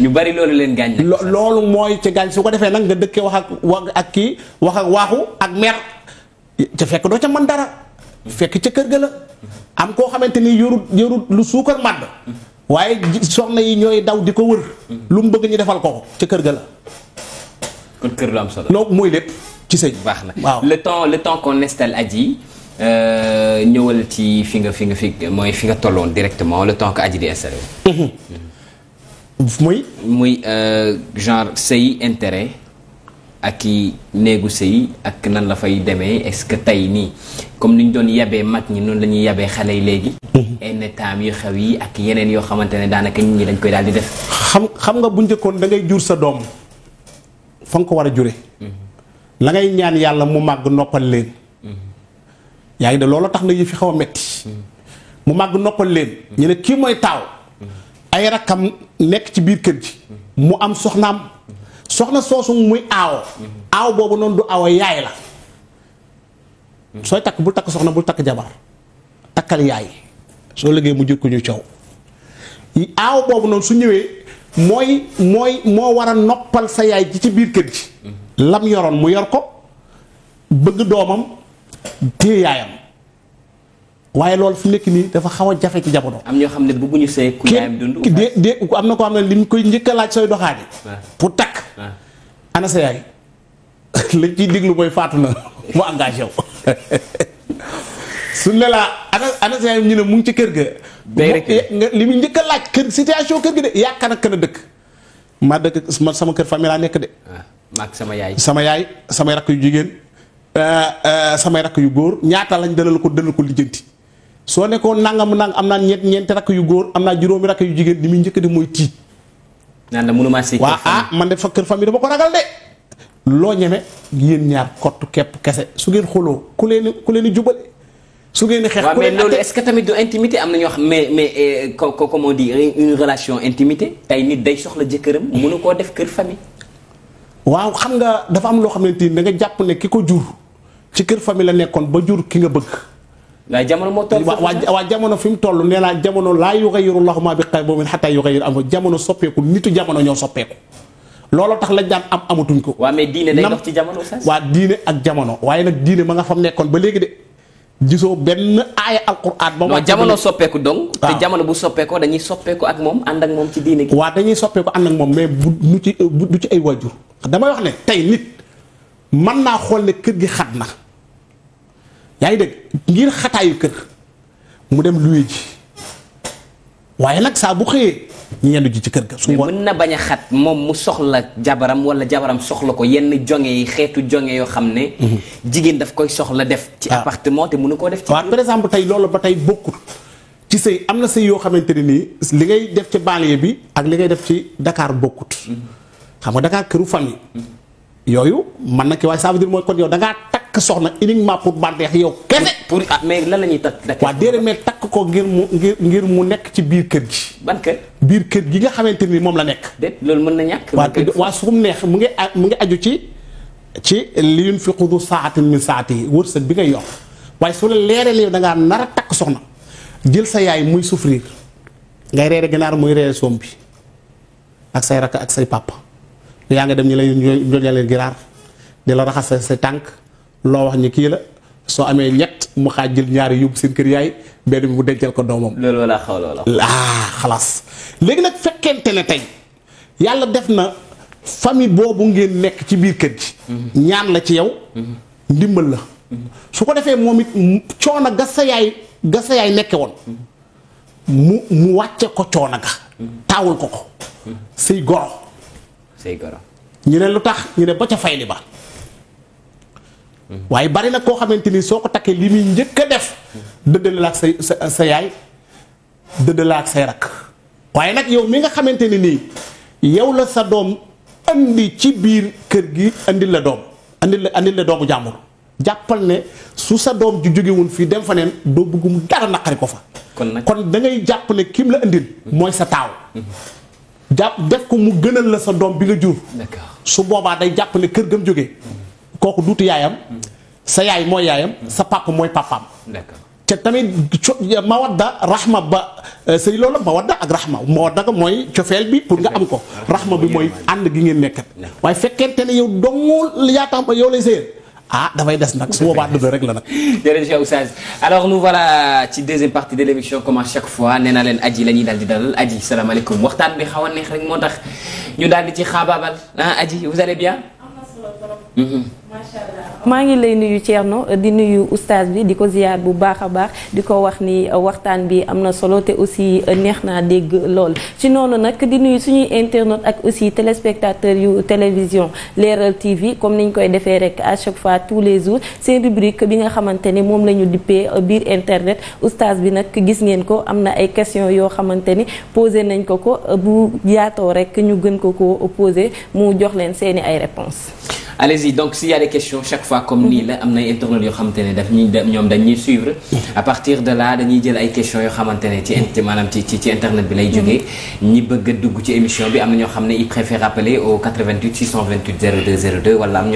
Speaker 2: ñu bari loolu leen gaañ loolu mooy ci gaañ su ko defee nag nga dëkkee wax ak wax ak kii wax ak waaxu ak mer ca fekk doo ca man dara. fekk ca kër ga la. am koo xamante ni yorut yorut lu suukar màdd. waaye soxna yi ñooy daw di ko wër. lu mu bëgg ñu defal ko ca kër ga la.
Speaker 1: kon kër lu am solo. donc
Speaker 2: mooy lépp ci sëñ. baax
Speaker 1: na waaw le temps le temps qu'on installe Adji euh, ñëwal ci fi nga fi nga fi mooy fi nga tolloon directement le temps que Adji di installé.
Speaker 2: Mhm. muy.
Speaker 1: muy euh, genre sëy intérêt. ak i néegu sëy ak nan la fay demee est-ce que tey nii comme ni ñu doon yabee mag ñi noonu lañuy ñuy xale yi léegi. Mhm. enetaam yu xew yi ak yeneen yoo xamante ne daanaka nit ñi dañ koy daal di
Speaker 2: def. xam xam nga bu njëkkoon da ngay jur sa doom fa nga ko war a jure. Mhm. la ngay ñaan yàlla mu màgg noppal leen. Mhm. yaa ngi de loolu tax na yëf yi xaw a metti mu màgg noppal leen. ñu ne kii mooy taaw. ay rakkam nekk ci biir kër ji. mu am soxnaam. soxna soosu muy aawo aaw boobu noonu du aawo yaay la sooy takk bul takk soxna bul takk jabar takkal yaay soo liggéey mu jur ko ñu coow aaw boobu noonu su ñëwee mooy mooy moo war a noppal sa yaay ji ci biir kër gi mm-hmm. lam yoroon mu yor ko bëgg doomam téye yaayam waaye loolu fu mu nekk nii dafa xaw a jafe ci jamono. am ñoo xam ne bëgguñu sëy ku yaayam dund. de de am na ko xam ne li mu koy njëkk a laaj sooy doxaani. pour takk. ana sa yaay [laughs] mooy faatu na [laughs] mu engagé wu. [laughs] suñ ne laa ñu ne mu ci kër ga. day rek li mu njëkk a laaj kër situation kër gi de yaakaar ak kan a dëkk. maa dëkk man sama kër famille laa nekk de. sama yaay. sama yaay samay rakk yu jigéen euh, euh, samay rakk yu góor ñaata lañ dalal ko dalal ko lijjanti. soo nekkoon nangam nang am naa ñeent ñeenti rakk yu góor am naa juróomi rakk yu jigéen li muy njëkk di mooy tiit. naan la mënuma si waa ah man de fa kër famille dama ko ragal de. loo ñeme yéen ñaar kott képp kese su ngeen xoloo ku leen ku leen jubale su ngeen di xeex ku
Speaker 1: ce que tamit intimité am na ñoo xam mais mais euh, comme on dit une relation intimité tey nit day soxla jëkkëram mënu koo def kër famille.
Speaker 2: waaw xam nga dafa am loo xam ne da nga jàpp ne ki ko jur ci kër famille la nekkoon ba jur ki nga bëgg. waaye jamono moo toll. waaw waa jamono fi mu toll nee naa jamono laa yughayyiru Allahu ma bi qawmin hatta yughayyiru anfusahum jamono soppeeku nitu jamono ñoo soppeeku. looloo tax lañ daan amatuñ ko. waaw mais diine day dox ci jamono sax. waa diine ak jamono waaye nag diine ma nga fam nekkoon ba léegi de. gisoo benn aaya alquran ba mu jamono
Speaker 1: soppeeku dong jamono bu soppeekoo
Speaker 2: dañuy soppeeku ak moom ànd moom ci diine gi waaw dañuy soppeeku ànd ak moom mais bu du ci du ci ay waajur damay wax ne tey nit mën naa xool ne kër gi xat na yaa ngi ngir xataayu kër mu dem luwe ji waaye nag saa bu xëyee ñu yendu ji ci kër ga. su mën
Speaker 1: na bañ a xat moom mu soxla jabaram wala jabaram soxla ko yenn jonge yi xeetu jonge yoo xam ne. Mhm. jigéen daf koy soxla def. ci ah. appartement te mënu koo def. ci waaw
Speaker 2: exemple tey loolu ba tey bokkut ci sëy am na sëy yoo xamante ne nii li ngay def ci banlieue bi ak li ngay def ci Dakar bokkut. Mhm. xam nga Dakar këru famille. Mhm. yooyu man na ki waaye ça veut dire mooy kon yow da takk soxna uniquement pour bànneex yow kese. pour ah, mais lan la ñuy takk. waaw déedéet mais takk ko ngir mu ngir mu nekk ci biir kër gi. ban biir kër gi nga xamante ni moom la nekk. déet mën na ñàkk. waaw waaw su mu neex mu ngi mu ngi aju ci ci li yunfiqu du saatin min saati wërsëg bi ngay yor waaye su la leeralee da ngaa nar a takk soxna jël sa yaay muy souffrir ngay reere ganaar muy reere soom bi ak say rakk ak say pàpp yaa ngi dem ñu lay ñooy joñalee giraar di la raxas sa say tànk loo wax ñu kii la soo amee ñett mu xaaj jël ñaari yóbbu seen kër yaay benn bi mu dencal ko doomam. loolu wala
Speaker 1: xaw loola. ah
Speaker 2: xalaas léegi nag fekkente ne tey yàlla def na famille boobu ngeen nekk ci biir kër gi. Mhm. ñaan la ci yow. Mhm. ndimbal la. Mhm. su ko defee moom it coono ga sa yaay ga sa yaay nekke woon. mu mu wàcce ko coono ga. taawul ko ko. say goro. say ñu ne lu tax ñu ne ba ca fayli ba. waaye bari nag koo xamante ni soo ko takkee li muy njëkk a def dëddale la ak sa sa yaay dëddale la ak say rakk waaye nag yow mi nga xamante ne nii yow la sa doom andi ci biir kër gi andil la doom andil la andil la doomu jàmbur jàppal ne su sa doom ju jógewun fii dem fa neen doo bëggum dara naqari ko fa kon dangay ngay jàpp ne kim la indi mooy sa taaw jàpp def ko mu gënal la sa doom bi nga jur su boobaa day jàpp ne kër gam jóge kooku duutu yaayam sa yaay mooy yaayam sa papa mooy papaam. d'accord te tamit mawadda rahma ba euh, sëy loolu mawadda ak rahma mawadda ko mooy cofeel bi pour nga am ko. rahma bi mooy ànd gi ngeen nekkat. waaye fekkente ne yow dongul yaa tax yow lay sëyal. ah dafay des nag su boobaa dëgg rek la nag. [laughs] jërëjëf Oustaz alors nous voilà
Speaker 1: ci deuxième partie de l'émission comme à chaque fois nee naa leen aji la ñuy daal di dalal aji salaamaaleykum waxtaan bi xaw a neex rek moo tax ñu daal di ci xaabaabal ah aji vous macha
Speaker 4: allah maa ngi lay nuyu Thierno di nuyu oustaz bi di ko ziyaar bu baax a baax di ko wax ni uh, waxtaan bi am na solo te aussi uh, neex na dégg lool. ci noonu nag di nuyu suñuy internet ak aussi téléspectateurs yu télévision Leral TV comme ni ñu koy defee rek à chaque fois tous les jours seen rubrique bi nga xamante ni moom lañu ñu dippee uh, biir internet oustaz bi nag gis ngeen ko am na ay question yoo xamante ni posé nañ ko ko bu yaatoo rek ñu gën ko ko posé mu jox leen seeni ay réponses.
Speaker 1: allez-y donc s'il y a des questions chaque fois comme nii la am na internautes yoo xamante ne daf dañuy suivre à partir de là dañuy jël ay questions yoo xamante ci internet bi a dugg ci émission bi am na ñoo xam ne ils préfèrent rappeler au 88 628 lañ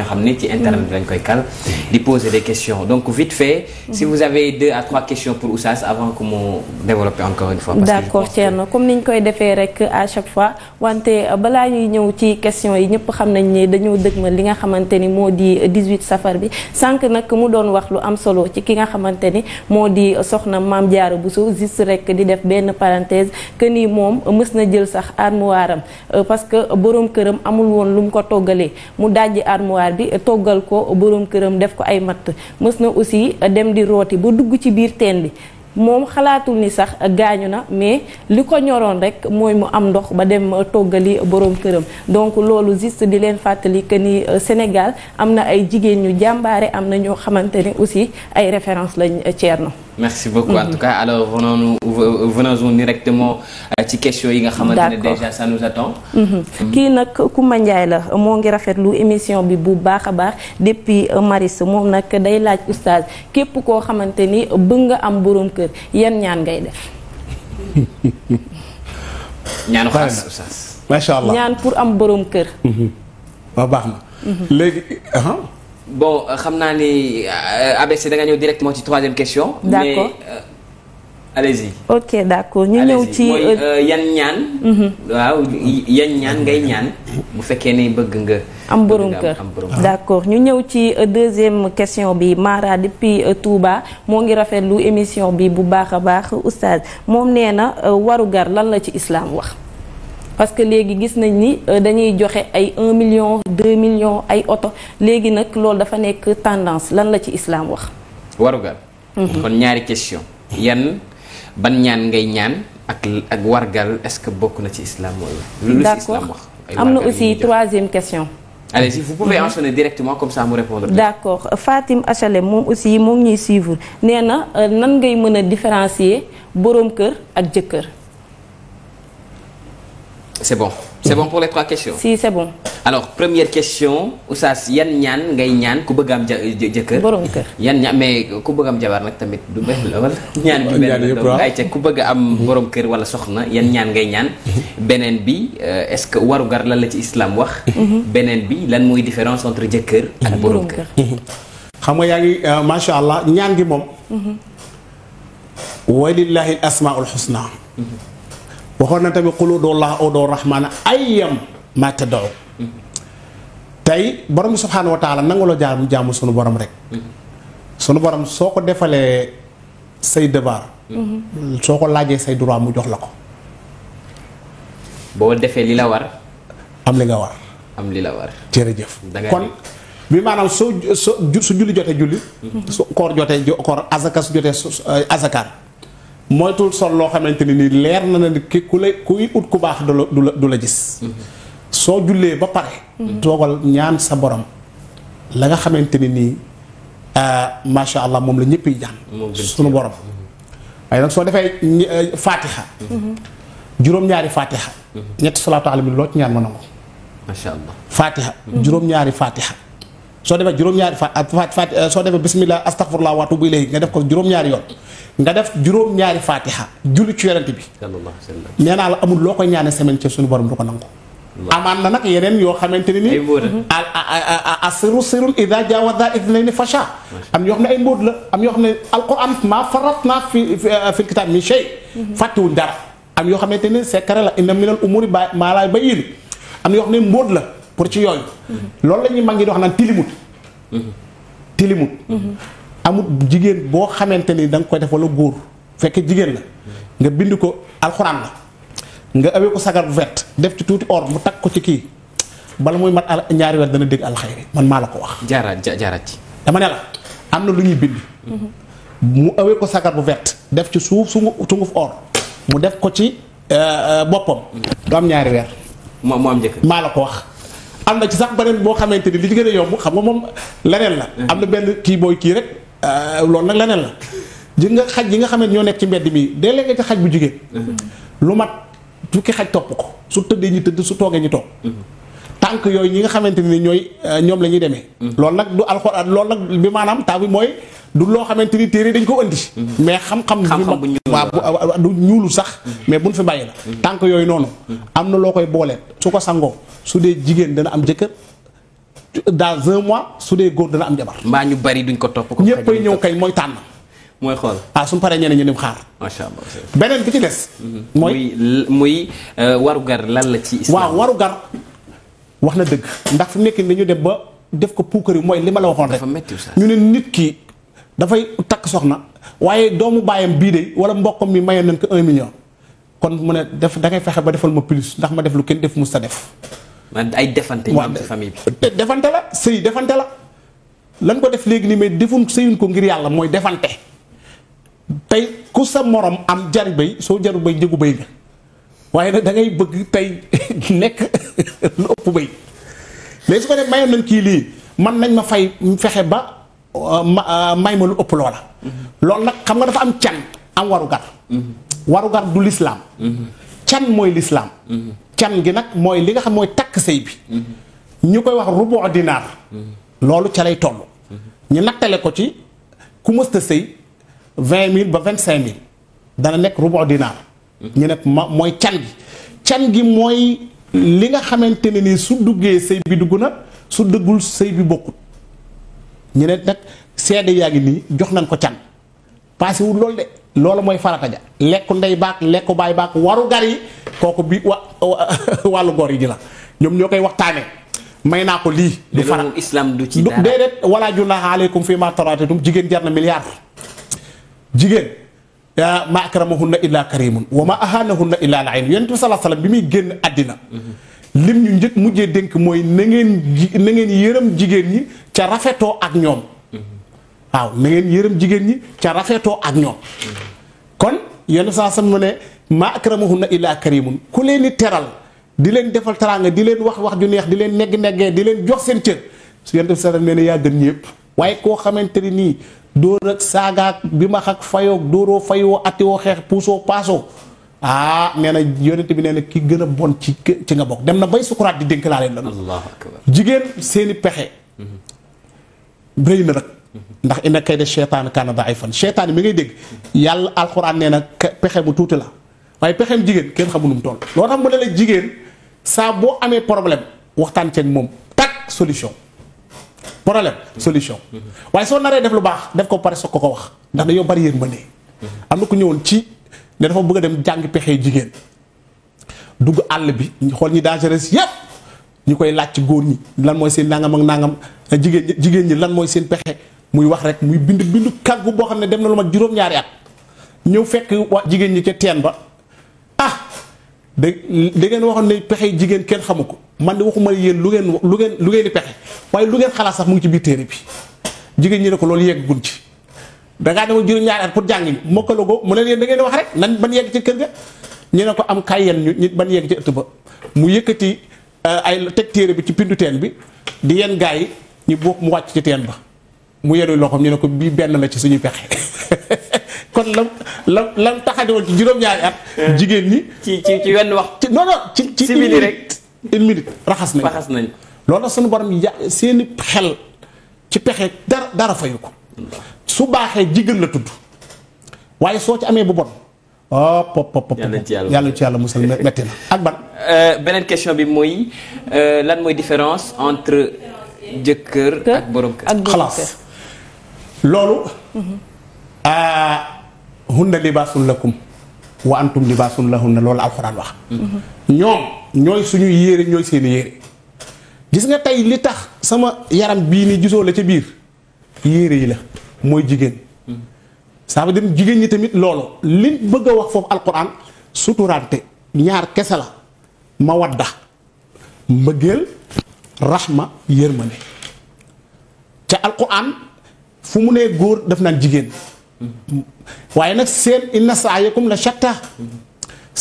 Speaker 1: koy kal di poser des questions donc vite fait si vous avez deux à trois questions pour Oustaz avant que mu développer encore une fois d'accord
Speaker 4: Thierno koy defee rek à chaque fois wante balaa ñëw ci questions yi ñëpp xam nañ ne dañoo dëgmal li nga xam xamante ni moo di 18 safar bi sànq nag mu doon wax lu am solo ci ki nga xamante ni moo di soxna maam bu Bousso juste rekk di def benn parenthèse que ni moom mës na jël sax armoire am euh, parce que borom këram amul woon lu mu ko toggalee mu dajji armoire bi toggal ko borom këram def ko ay matt mës na aussi dem di rooti ba dugg ci biir teen bi. moom xalaatul ni sax gaañu na mais li ko ñoroon rek mooy mu am ndox ba dem toggali borom këram donc loolu juste di leen fàttali que ni euh, Sénégal am na ay jigéen ñu jàmbaare am na ñoo xamante ne aussi ay référence lañ euh, na
Speaker 1: merci beaucoup en mhm. tout cas directement euh, ci question yi nga xamante ne déjà ça nous attend
Speaker 4: mhm. Mhm. kii nag Koumba Ndiaye la moo ngi rafetlu émission bi bu baax a baax depuis euh, Maris moom nag day laaj oustaz képp koo xamante ni bëgg nga am boroom kër yan ñaan ngay def
Speaker 2: [laughs] ñaan
Speaker 4: pour am boroom kër waaw baax na ah,
Speaker 1: bon euh, xam naa ni euh, ABC da nga ñëw directement ci troisième question. d'accord mais
Speaker 4: euh, allez-y. ok d'accord ñu ñëw ci yan ñaan. Mhm.
Speaker 1: waaw yan ñaan ngay ñaan bu fekkee ni bëgg nga.
Speaker 4: am borom kër d'accord ñu ñëw ci deuxième question bi Mara depuis Touba moo ngi rafetlu émission bi bu baax a baax oustaz moom nee na warugar lan la ci islam wax. parce que léegi gis nañ ni euh, dañuy joxe ay 1 million deux million ay oto léegi nag loolu dafa nekk tendance lan la ci islaam wax.
Speaker 1: warugal. Mhm. kon ñaari question yan ban ñaan ngay ñaan ak ak wargal est-ce que bokk na ci islaam mooy. lu
Speaker 4: ci am na aussi troisième question.
Speaker 1: allez-y vous pouvez mhm. enchaîner directement comme ça mu répondre.
Speaker 4: d'accord faatim Achalem moom aussi moo ngi ñuy suivre nee na euh, nan ngay mën a différencier boroom kër ak jëkkër.
Speaker 1: c'est bon c'est bon pour les trois questions. si c'est bon. alors première question Oustaz yan ñaan ngay ñaan ku bëgg am ja jëkkër. borom kër yan ñaan mais ku bëgg am jabar nag tamit du benn la wala. [laughs] ñaan bi benn la ay ca [laughs] bi euh, ce que warugar lan la ci islam wax. Mhm. beneen bi lan mooy différence entre jëkkër ak borom
Speaker 3: kër.
Speaker 2: [laughs] xam nga yaa ngi euh, macha allah moom. Mhm. walillahi al asmaul husna. Mhm. waxoon na tamit xulu doo laa oo doo raxmaana ayam maa taddaw tey borom bi subhaanahu wa nangu la jaar mu jaamu sunu borom rek sunu borom soo ko defalee say devoir soo ko laajee say droit mu jox la ko
Speaker 1: boo defee li la war am li nga war am li la war jërëjëf kon
Speaker 2: bi maanaam soo soo su julli jotee julli su koor jotee koor azaka su jotee azakaar moytul sol loo xamante ne nii leer na na ni ki ku lay kuy ut ku baax du la du la du la gis. soo jullee ba pare. toogal ñaan sa borom la nga xamante ne nii euh, macha allah moom la ñëpp yi jaan. sunu borom. waaye nag soo defee euh, faatiha. juróom-ñaari faatiha. ñetti salaatu ala nabi loo ci ñaan ma nangu. macha allah faatiha. Mm-hmm. juróom-ñaari faatiha. soo defee juróom-ñaari fa faat euh, soo defee bismillah astaghfirullah wa atubu ilayhi nga def ko juróom-ñaari yoon. nga def juróom-ñaari fatiha julli ci yonent bi nee naa la amul loo koy ñaane semaine suñu borom du ko na yeneen yoo xamante ne ni mm-hmm. a siru sirul ida jawada idnayni fasha am yoo xam ne ay mbóot la am yoo xam ne alquran ma farat naa fi eh, fil kitab min shay mm-hmm. fàttiwuñ yoo xamante ne secret la inna minal umuri ba maa laa bayyin am yoo xam ne la pour ci yooyu mm-hmm. loolu la ñuy mag ñi di wax naan tilimut tilimut amut jigéen boo xamante ni da nga koy def wala góor fekkee jigéen la nga bind ko alxuraan la nga awee ko sagar bu vert def ci tuuti or mu takk ko ci kii bala muy mat al ñaari weer dana dégg alxayri man maa la ko wax. jaaraat jaaraat ci. dama ne la am na lu ñuy bind. mu awee ko sagar bu vert def ci suuf sungu sunguf or mu def ko ci euh, euh, boppam. du am ñaari weer. mu am njëkk maa la ko wax. am na ci sax beneen boo xamante ni li ci gën yomb xam nga moom leneen la. am na benn kii booy kii rek. Euh, loolu nag leneen la ji nga xaj yi nga xam ne ñoo nekk ci mbedd mi dee léegi ci xaj bu jigéen mhm. lu mat fukki xaj topp ko su tëddee ñu tëdd su toogee ñu toog mhm. tànk yooyu ñi nga xamante ni ñooy euh, ñoom la ñuy demee mhm. loolu nag du alxuraan loolu nag bi maanaam taa mooy du loo xamante ni téere dañ ko indi mais xam-xam bu waaw du ñuulu sax mais buñ fi bàyyi la tànk yooyu noonu am na loo koy booleet su ko sangoo su dee jigéen dana am jëkkër dans un mois su dee góor dana am jabar. mbaa ñu bari duñ ko topp. ko ñëppay ñëw kay mooy tànn. mooy xool ah su ma paree ñeneen ñu dem xaar. macha allah beneen bi ci des. Mhm. mooy muy euh, warugar lan la ci. islam waaw warugar wax na dëgg. ndax fi mu nekk ni ba def ko puukar yi mooy li ma la waxoon dafa métti ñu ne nit ki dafay takk soxna. waaye doomu baayam bii de wala mbokkam mi mayoon nañ ko un million. kon mu ne def dangay fexe ba defal ma plus ndax ma def lu kenn def mu sa def.
Speaker 1: ay defante ñu am ci famille
Speaker 2: bi. defante la sëy defante la lan ko def léegi nii mais defuñ sëyuñ ko ngir yàlla mooy defante tey ku sa moroom am jari bay soo jaru bay njëgu bay nga waaye nag da ngay bëgg tey [laughs] nekk [laughs] lu ëpp bay léegi su ko def mayoon nañ kii lii man nañ ma fay fexe ba. Euh, euh, may ma lu ëpp loola mm-hmm. loolu nag xam nga dafa am can am warugar mm-hmm. warugar du lislaam mm-hmm. can mooy lislaam can gi nag mooy li nga xam mooy takk sëy bi ñu koy wax rubu dinaar loolu ca lay toll ñu nattale ko ci ku mësta sëy vingt mille ba vingt cinq mille dana nekk rubu dinaar ñu nekk ma mooy can gi can gi mooy li nga xamante ne nii su duggee sëy bi dugg nag su dëggul sëy bi bokkut ñu ne nag sedd yaa ngi nii jox nañ ko can paasewul loolu de loolu mooy farata ja lekku ndey baak lekku baay baak waru gar yi kooku bi wa [laughs] wàllu góor yi di la ñoom ñoo koy waxtaane may naa ko lii. du fara islam du ci dara déedéet wala junaaha aleykum fi ma taraatitum jigéen jar na milliard jigéen ma akramahunna illa karimun wa ma ahanahunna illa lain yonent bi salaa salaam bi muy génn àddina lim ñu njëkk mujjee dénk mooy na ngeen na ngeen yërëm jigéen ñi ca rafetoo ak ñoom. waaw na ngeen yërëm jigéen ñi ca rafetoo ak ñoom kon yenn saa sam mu ne maa akramahunna illaa karimun ku leen di teral di leen defal teraanga di leen wax wax ju neex di leen negg neggee di leen jox seen cër yenn saa sam nee na yaa gën waaye koo xamante ni nii dóor ak saagaak bi ma xak fayoog dóoroo fayoo atiwoo xeex puusoo paasoo ah nee na yonent bi nee na ki gën a bon ci ci nga bokk dem na bay sukuraat di dénk laa leen la jigéen seeni pexe
Speaker 3: mm-hmm.
Speaker 2: rëy na nag ndax ina kay de seytaane kaana daifan seytaane mi ngay dégg yàlla alxuraan nee na pexe mu tuuti la waaye pexeem jigéen kenn xamu nu mu toll. loo tax mu ne la jigéen saa boo amee problème waxtaan ceeg moom tak solution problème solution waaye soo naree def lu baax def ko pare soog ko ko wax ndax dañoo bari yërmande am na ko ñëwoon ci ne dafa bëgg a dem jàngi pexe jigéen dugg àll bi xool ñi dangereux yépp ñu koy laaj ci góor ñi lan mooy seen nangam ak nangam jigéen jigéen ñi lan mooy seen pexe. muy wax rek muy bind bindu kàggu boo xam ne dem na lu mat juróom-ñaari at ñëw fekk wax jigéen ñi ca teen ba ah da da ngeen waxoon ne pexe jigéen kenn xamu ko man de waxuma yéen lu ngeen lu ngeen lu ngeen di pexe waaye lu ngeen xalaat sax mu ngi ci biir téere bi jigéen ñi ne ko loolu yegg gun ci da ngaa demoon juróom-ñaari at pour jàng ñi mokkala ko mu ne yéen da ngeen di wax rek nan ban yegg ci kër ga ñu ne ko am kay yen ñu ban yegg ci ëtt ba mu yëkkati euh, ay teg bi ci pindu bi di yenn gaa yi ñu bokk mu wàcc ci teen ba mu yenu loxoom ñu ne ko bii benn la ci suñu pexe [laughs] kon la lam lam taxade woon ci juróom-ñaari at. Eh. jigéen ñi. ci ci wenn wax. non non ci ci. simili rek une minute raxas nañ raxas nañ loolu suñu borom ya seeni xel ci pexe dara dara fayu ko su baaxee jigéen la tudd waaye soo ci amee bu bon. ah pop pop yàlla yàlla ci yàlla musal metti na ak ban.
Speaker 1: [laughs] Euh, beneen question bi mooy euh, lan mooy différence entre jëkkër ak borom kër. xalaas.
Speaker 2: loolu euh, hunna libaasun lakum wa antum libaasun lahunna loolu alxuraan wax ñoom ñooy suñuy yére ñooy seeni yére gis nga tey li tax sama yaram bii ni gisoo la ca biir yére yi la mooy jigéen ça veut jigéen ñi tamit loolu li bëgg a wax foofu alxuraan suturaante ñaar kese la ma wadda mbëggeel raxma yërmande ca alxuraan fu mu nee góor def naan jigéen waaye nag seen inna sa'yakum la shatta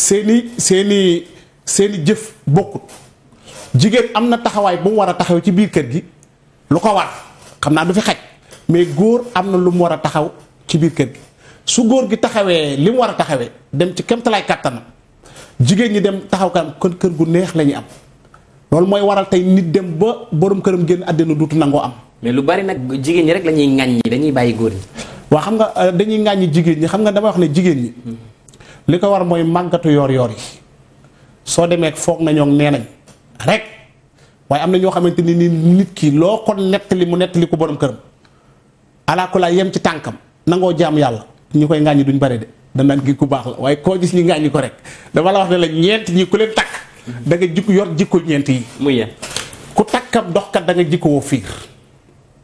Speaker 2: seeni seeni seeni jëf bokkut jigéen am na taxawaay bu mu war a taxaw ci biir kër gi lu ko war xam naa du fi xaj mais góor am na lu mu war a taxaw ci biir kër gi su góor gi taxawee li mu war a taxawee dem ci kemtalaay kàttanam jigéen ñi dem taxaw kanam kon kër gu neex la am loolu mooy waral tey nit dem ba boroom këram génn àddina duutu nangoo am. mais lu bari nag jigéen ñi rek la ñuy ŋàññi dañuy bàyyi góor yi waa xam nga euh, dañuy ŋàññi jigéen ñi xam nga damay wax ne jigéen ñi. Hmm. li ko war mooy màggatu yor-yor yi soo demee foog nañoo nee nañ rek waaye am na ñoo xamante ni nit ki loo ko nettali mu nettali ko borom këram alaakulaa yem ci tànkam nangoo jaam yàlla ñu koy ŋàññi duñ bari de danaan gii ku baax la waaye koo gis ñi ŋàññi ko rek dama la wax ne la ñeent ñi ku leen takk. da nga yor jikkul ñeent yi muy ku takkab doxkat da nga jikkoo fiir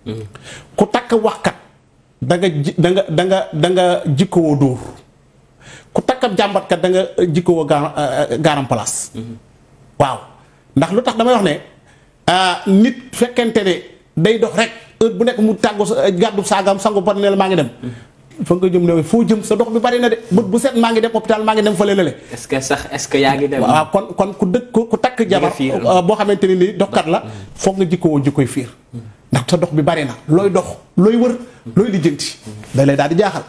Speaker 2: hmm. ku takk waxkat da danga ji danga nga da nga jikkoo dóor ku takkab jàmbatkat da nga jikkoo euh, gaaram place hmm. waaw ndax lu tax damay wax ne euh, nit fekkente ne day dox rek heure bu nekk mu tàggu gàddu saagam sangu par ne la maa ngi dem hmm. fa nga jëm ne foo jëm sa dox bi bari na de bët bu set maa ngi dem hôpital maa ngi dem fële lële. est-ce que sax est-ce que yaa ngi dem. waaw kon kon ku dëkk ku takk jabar euh, boo xamante ne nii doxkat la foog nga jikkoo jikkoy fiir ndax sa dox bi bari na looy dox looy wër looy lijjanti day lay daal di jaaxal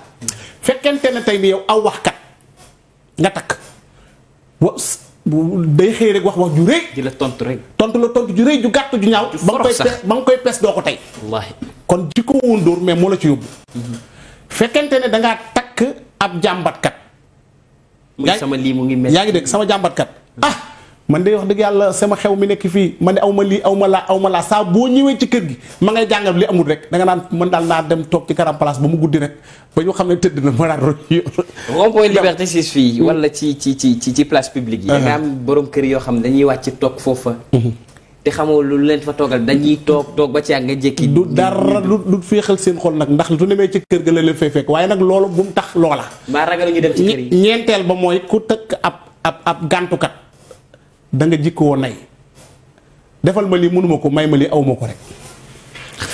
Speaker 2: fekkee ne tey ni yow aw wax kat nga takk wa day xëy wax wax ju rëy. di la tontu rek. tontu la tontu ju rëy ju gàtt ju ñaaw. ba nga koy pes ba koy pes doo ko tey. wallaahi kon jikkoo woon dóor mais moo la ci yóbbu.
Speaker 3: Mm-hmm.
Speaker 2: fekkente ne da takk ab jàmbatkat. yaa sama lii mu ngi mel yaa ngi dégg sama jàmbatkat ah man de wax dëgg yàlla sama xew mi nekk fii man ne aw ma lii aw ma laa aw ma laa saa boo ñëwee ci kër gi ma ngay jàngal li amul rek da nga naan man daal naa dem toog ci karam place ba mu guddi rek ba ñu xam ne tëdd na ma daan roy.
Speaker 1: rond-point [laughs] Liberté 6 fii. ci ci ci ci place publique yi. Uh-huh. da am borom kër yoo xam dañuy wàcc
Speaker 2: toog foofa.
Speaker 3: Uh-huh.
Speaker 1: te xamoo lu leen fa toogal dañuy toog toog ba ci ak nga jékki. du
Speaker 2: dara du du féexal seen xol nag ndax su demee ci kër ga la leen fa fekk waaye nag loolu bu mu tax loola. mbaa ragal ñu dem ci kër ñeenteel ba mooy ku tëkk ab ab ab gàntukat da nga woo nay defal ma lii mënuma ko may ma lii awuma ko rek.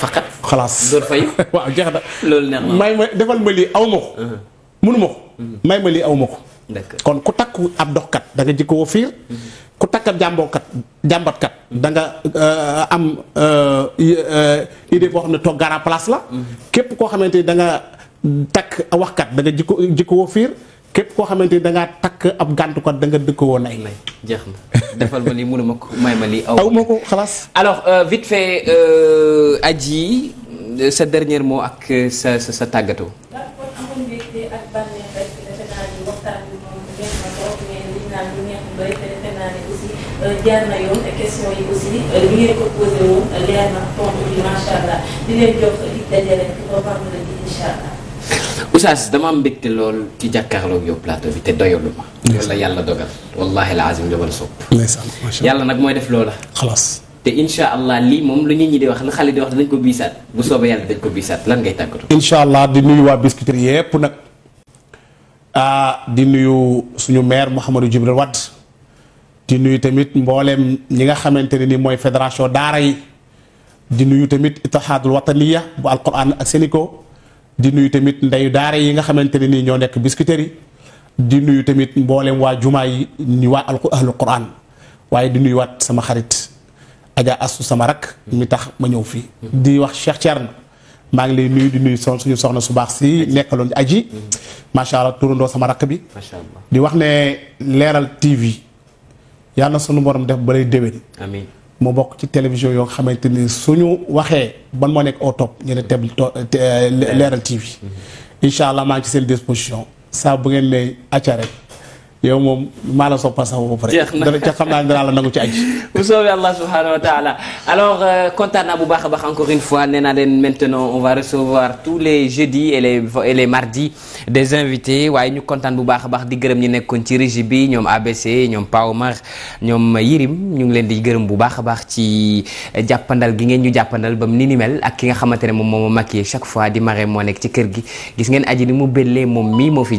Speaker 2: faqat xalaas door [laughs] jeex na loolu may ma defal ma lii aw ma ko. Uh-huh. mënuma ko uh-huh. may ma lii aw ko. kon ku takku ab doxkat da nga jikkoo fiir ku takk ab jàmbookat jàmbatkat da nga euh, am euh, euh, idée boo xam ne toog gara place la képp koo xamante ni da nga takk waxkat da nga jikko jikkoo fiir képp koo xamante ni da ngaa takk ab gàntukat da nga dëkkoo nay nay
Speaker 1: jeex na defal ma lii mënuma ko may ma lii aw ma ko xalaas alors vite fait yi sa dernier moo ak sa sa sa tàggatoo
Speaker 4: Euh, jaar na yoon question yi aussi euh, li ngeen euh, na tontu bi macha allah di leen jox di daje rek ba baaxul
Speaker 1: a ji yàlla nag mooy def loola. xalaas te incha lii moom lu nit ñi di wax lu ko biisaat bu soobee dañ ko biisaat lan ngay tàggatu.
Speaker 2: incha allah di nuyu waa Biscuiterie yépp nag ah, di nuyu suñu maire Mouhamadou Djibril di nuyu tamit mbooleem ñi nga xamante ne ni mooy fédération daara yi di nuyu tamit ittihaadul wataniya bu alquran ak seniko di nuyu tamit ndeyu daara yi nga xamante ne nii ñoo nekk Biscuiterie di nuyu tamit mbooleem waa jumaa yi ñu waa al ahlu quran waaye di nuyu waat sama xarit Adja Assu sama rakk mi tax ma ñëw fii di wax Cheikh Thierno maa ngi lay nuyu di nuyu son suñu soxna su baax si nekkaloon aji
Speaker 3: mm-hmm.
Speaker 2: macha allah turandoo sama rakk bi di wax ne leeral TV yàlla suñu sunu borom def balay déwén. amiin mu bokk ci télévision yoo xamante ni suñu waxee ban moo nekk au top ñu ne table leeral TV. Mm-hmm. incha allah maa ngi ci seen disposition saa bu ngeen ne acca rek. yow moom maa la soppa sax ba pare dana ca xam naa la nangu ci aj
Speaker 1: [laughs] bu soobee Allah subhanahu wa taala euh, kontaan naa bu baax a baax encore une fois nee naa leen maintenant on va recevoir tous les jeudis et les et les des invités waaye ñu kontaan bu baax a baax di gërëm ñu nekkoon ci régie bi ñoom ABC ñoom Pa Omar ñoom Yirim ñu ngi leen di gërëm bu baax a baax ci euh, jàppandal gi ngeen ñu jàppandal ba ni ni ak ki nga xamante ne moom moo ma maquillé chaque fois di mare moo nekk ci kër gi gis ngeen aji ni mu bellee moom mii moo fi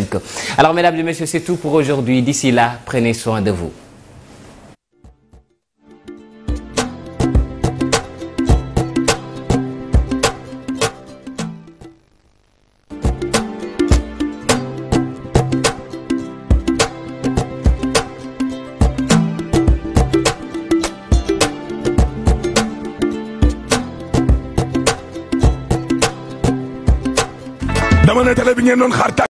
Speaker 1: nañ ko alors mesdames et messieurs c'est tout pour aujourd'hui d'ici là prenez soin de vous
Speaker 2: dama ne télé
Speaker 3: bi ngeen doon xaar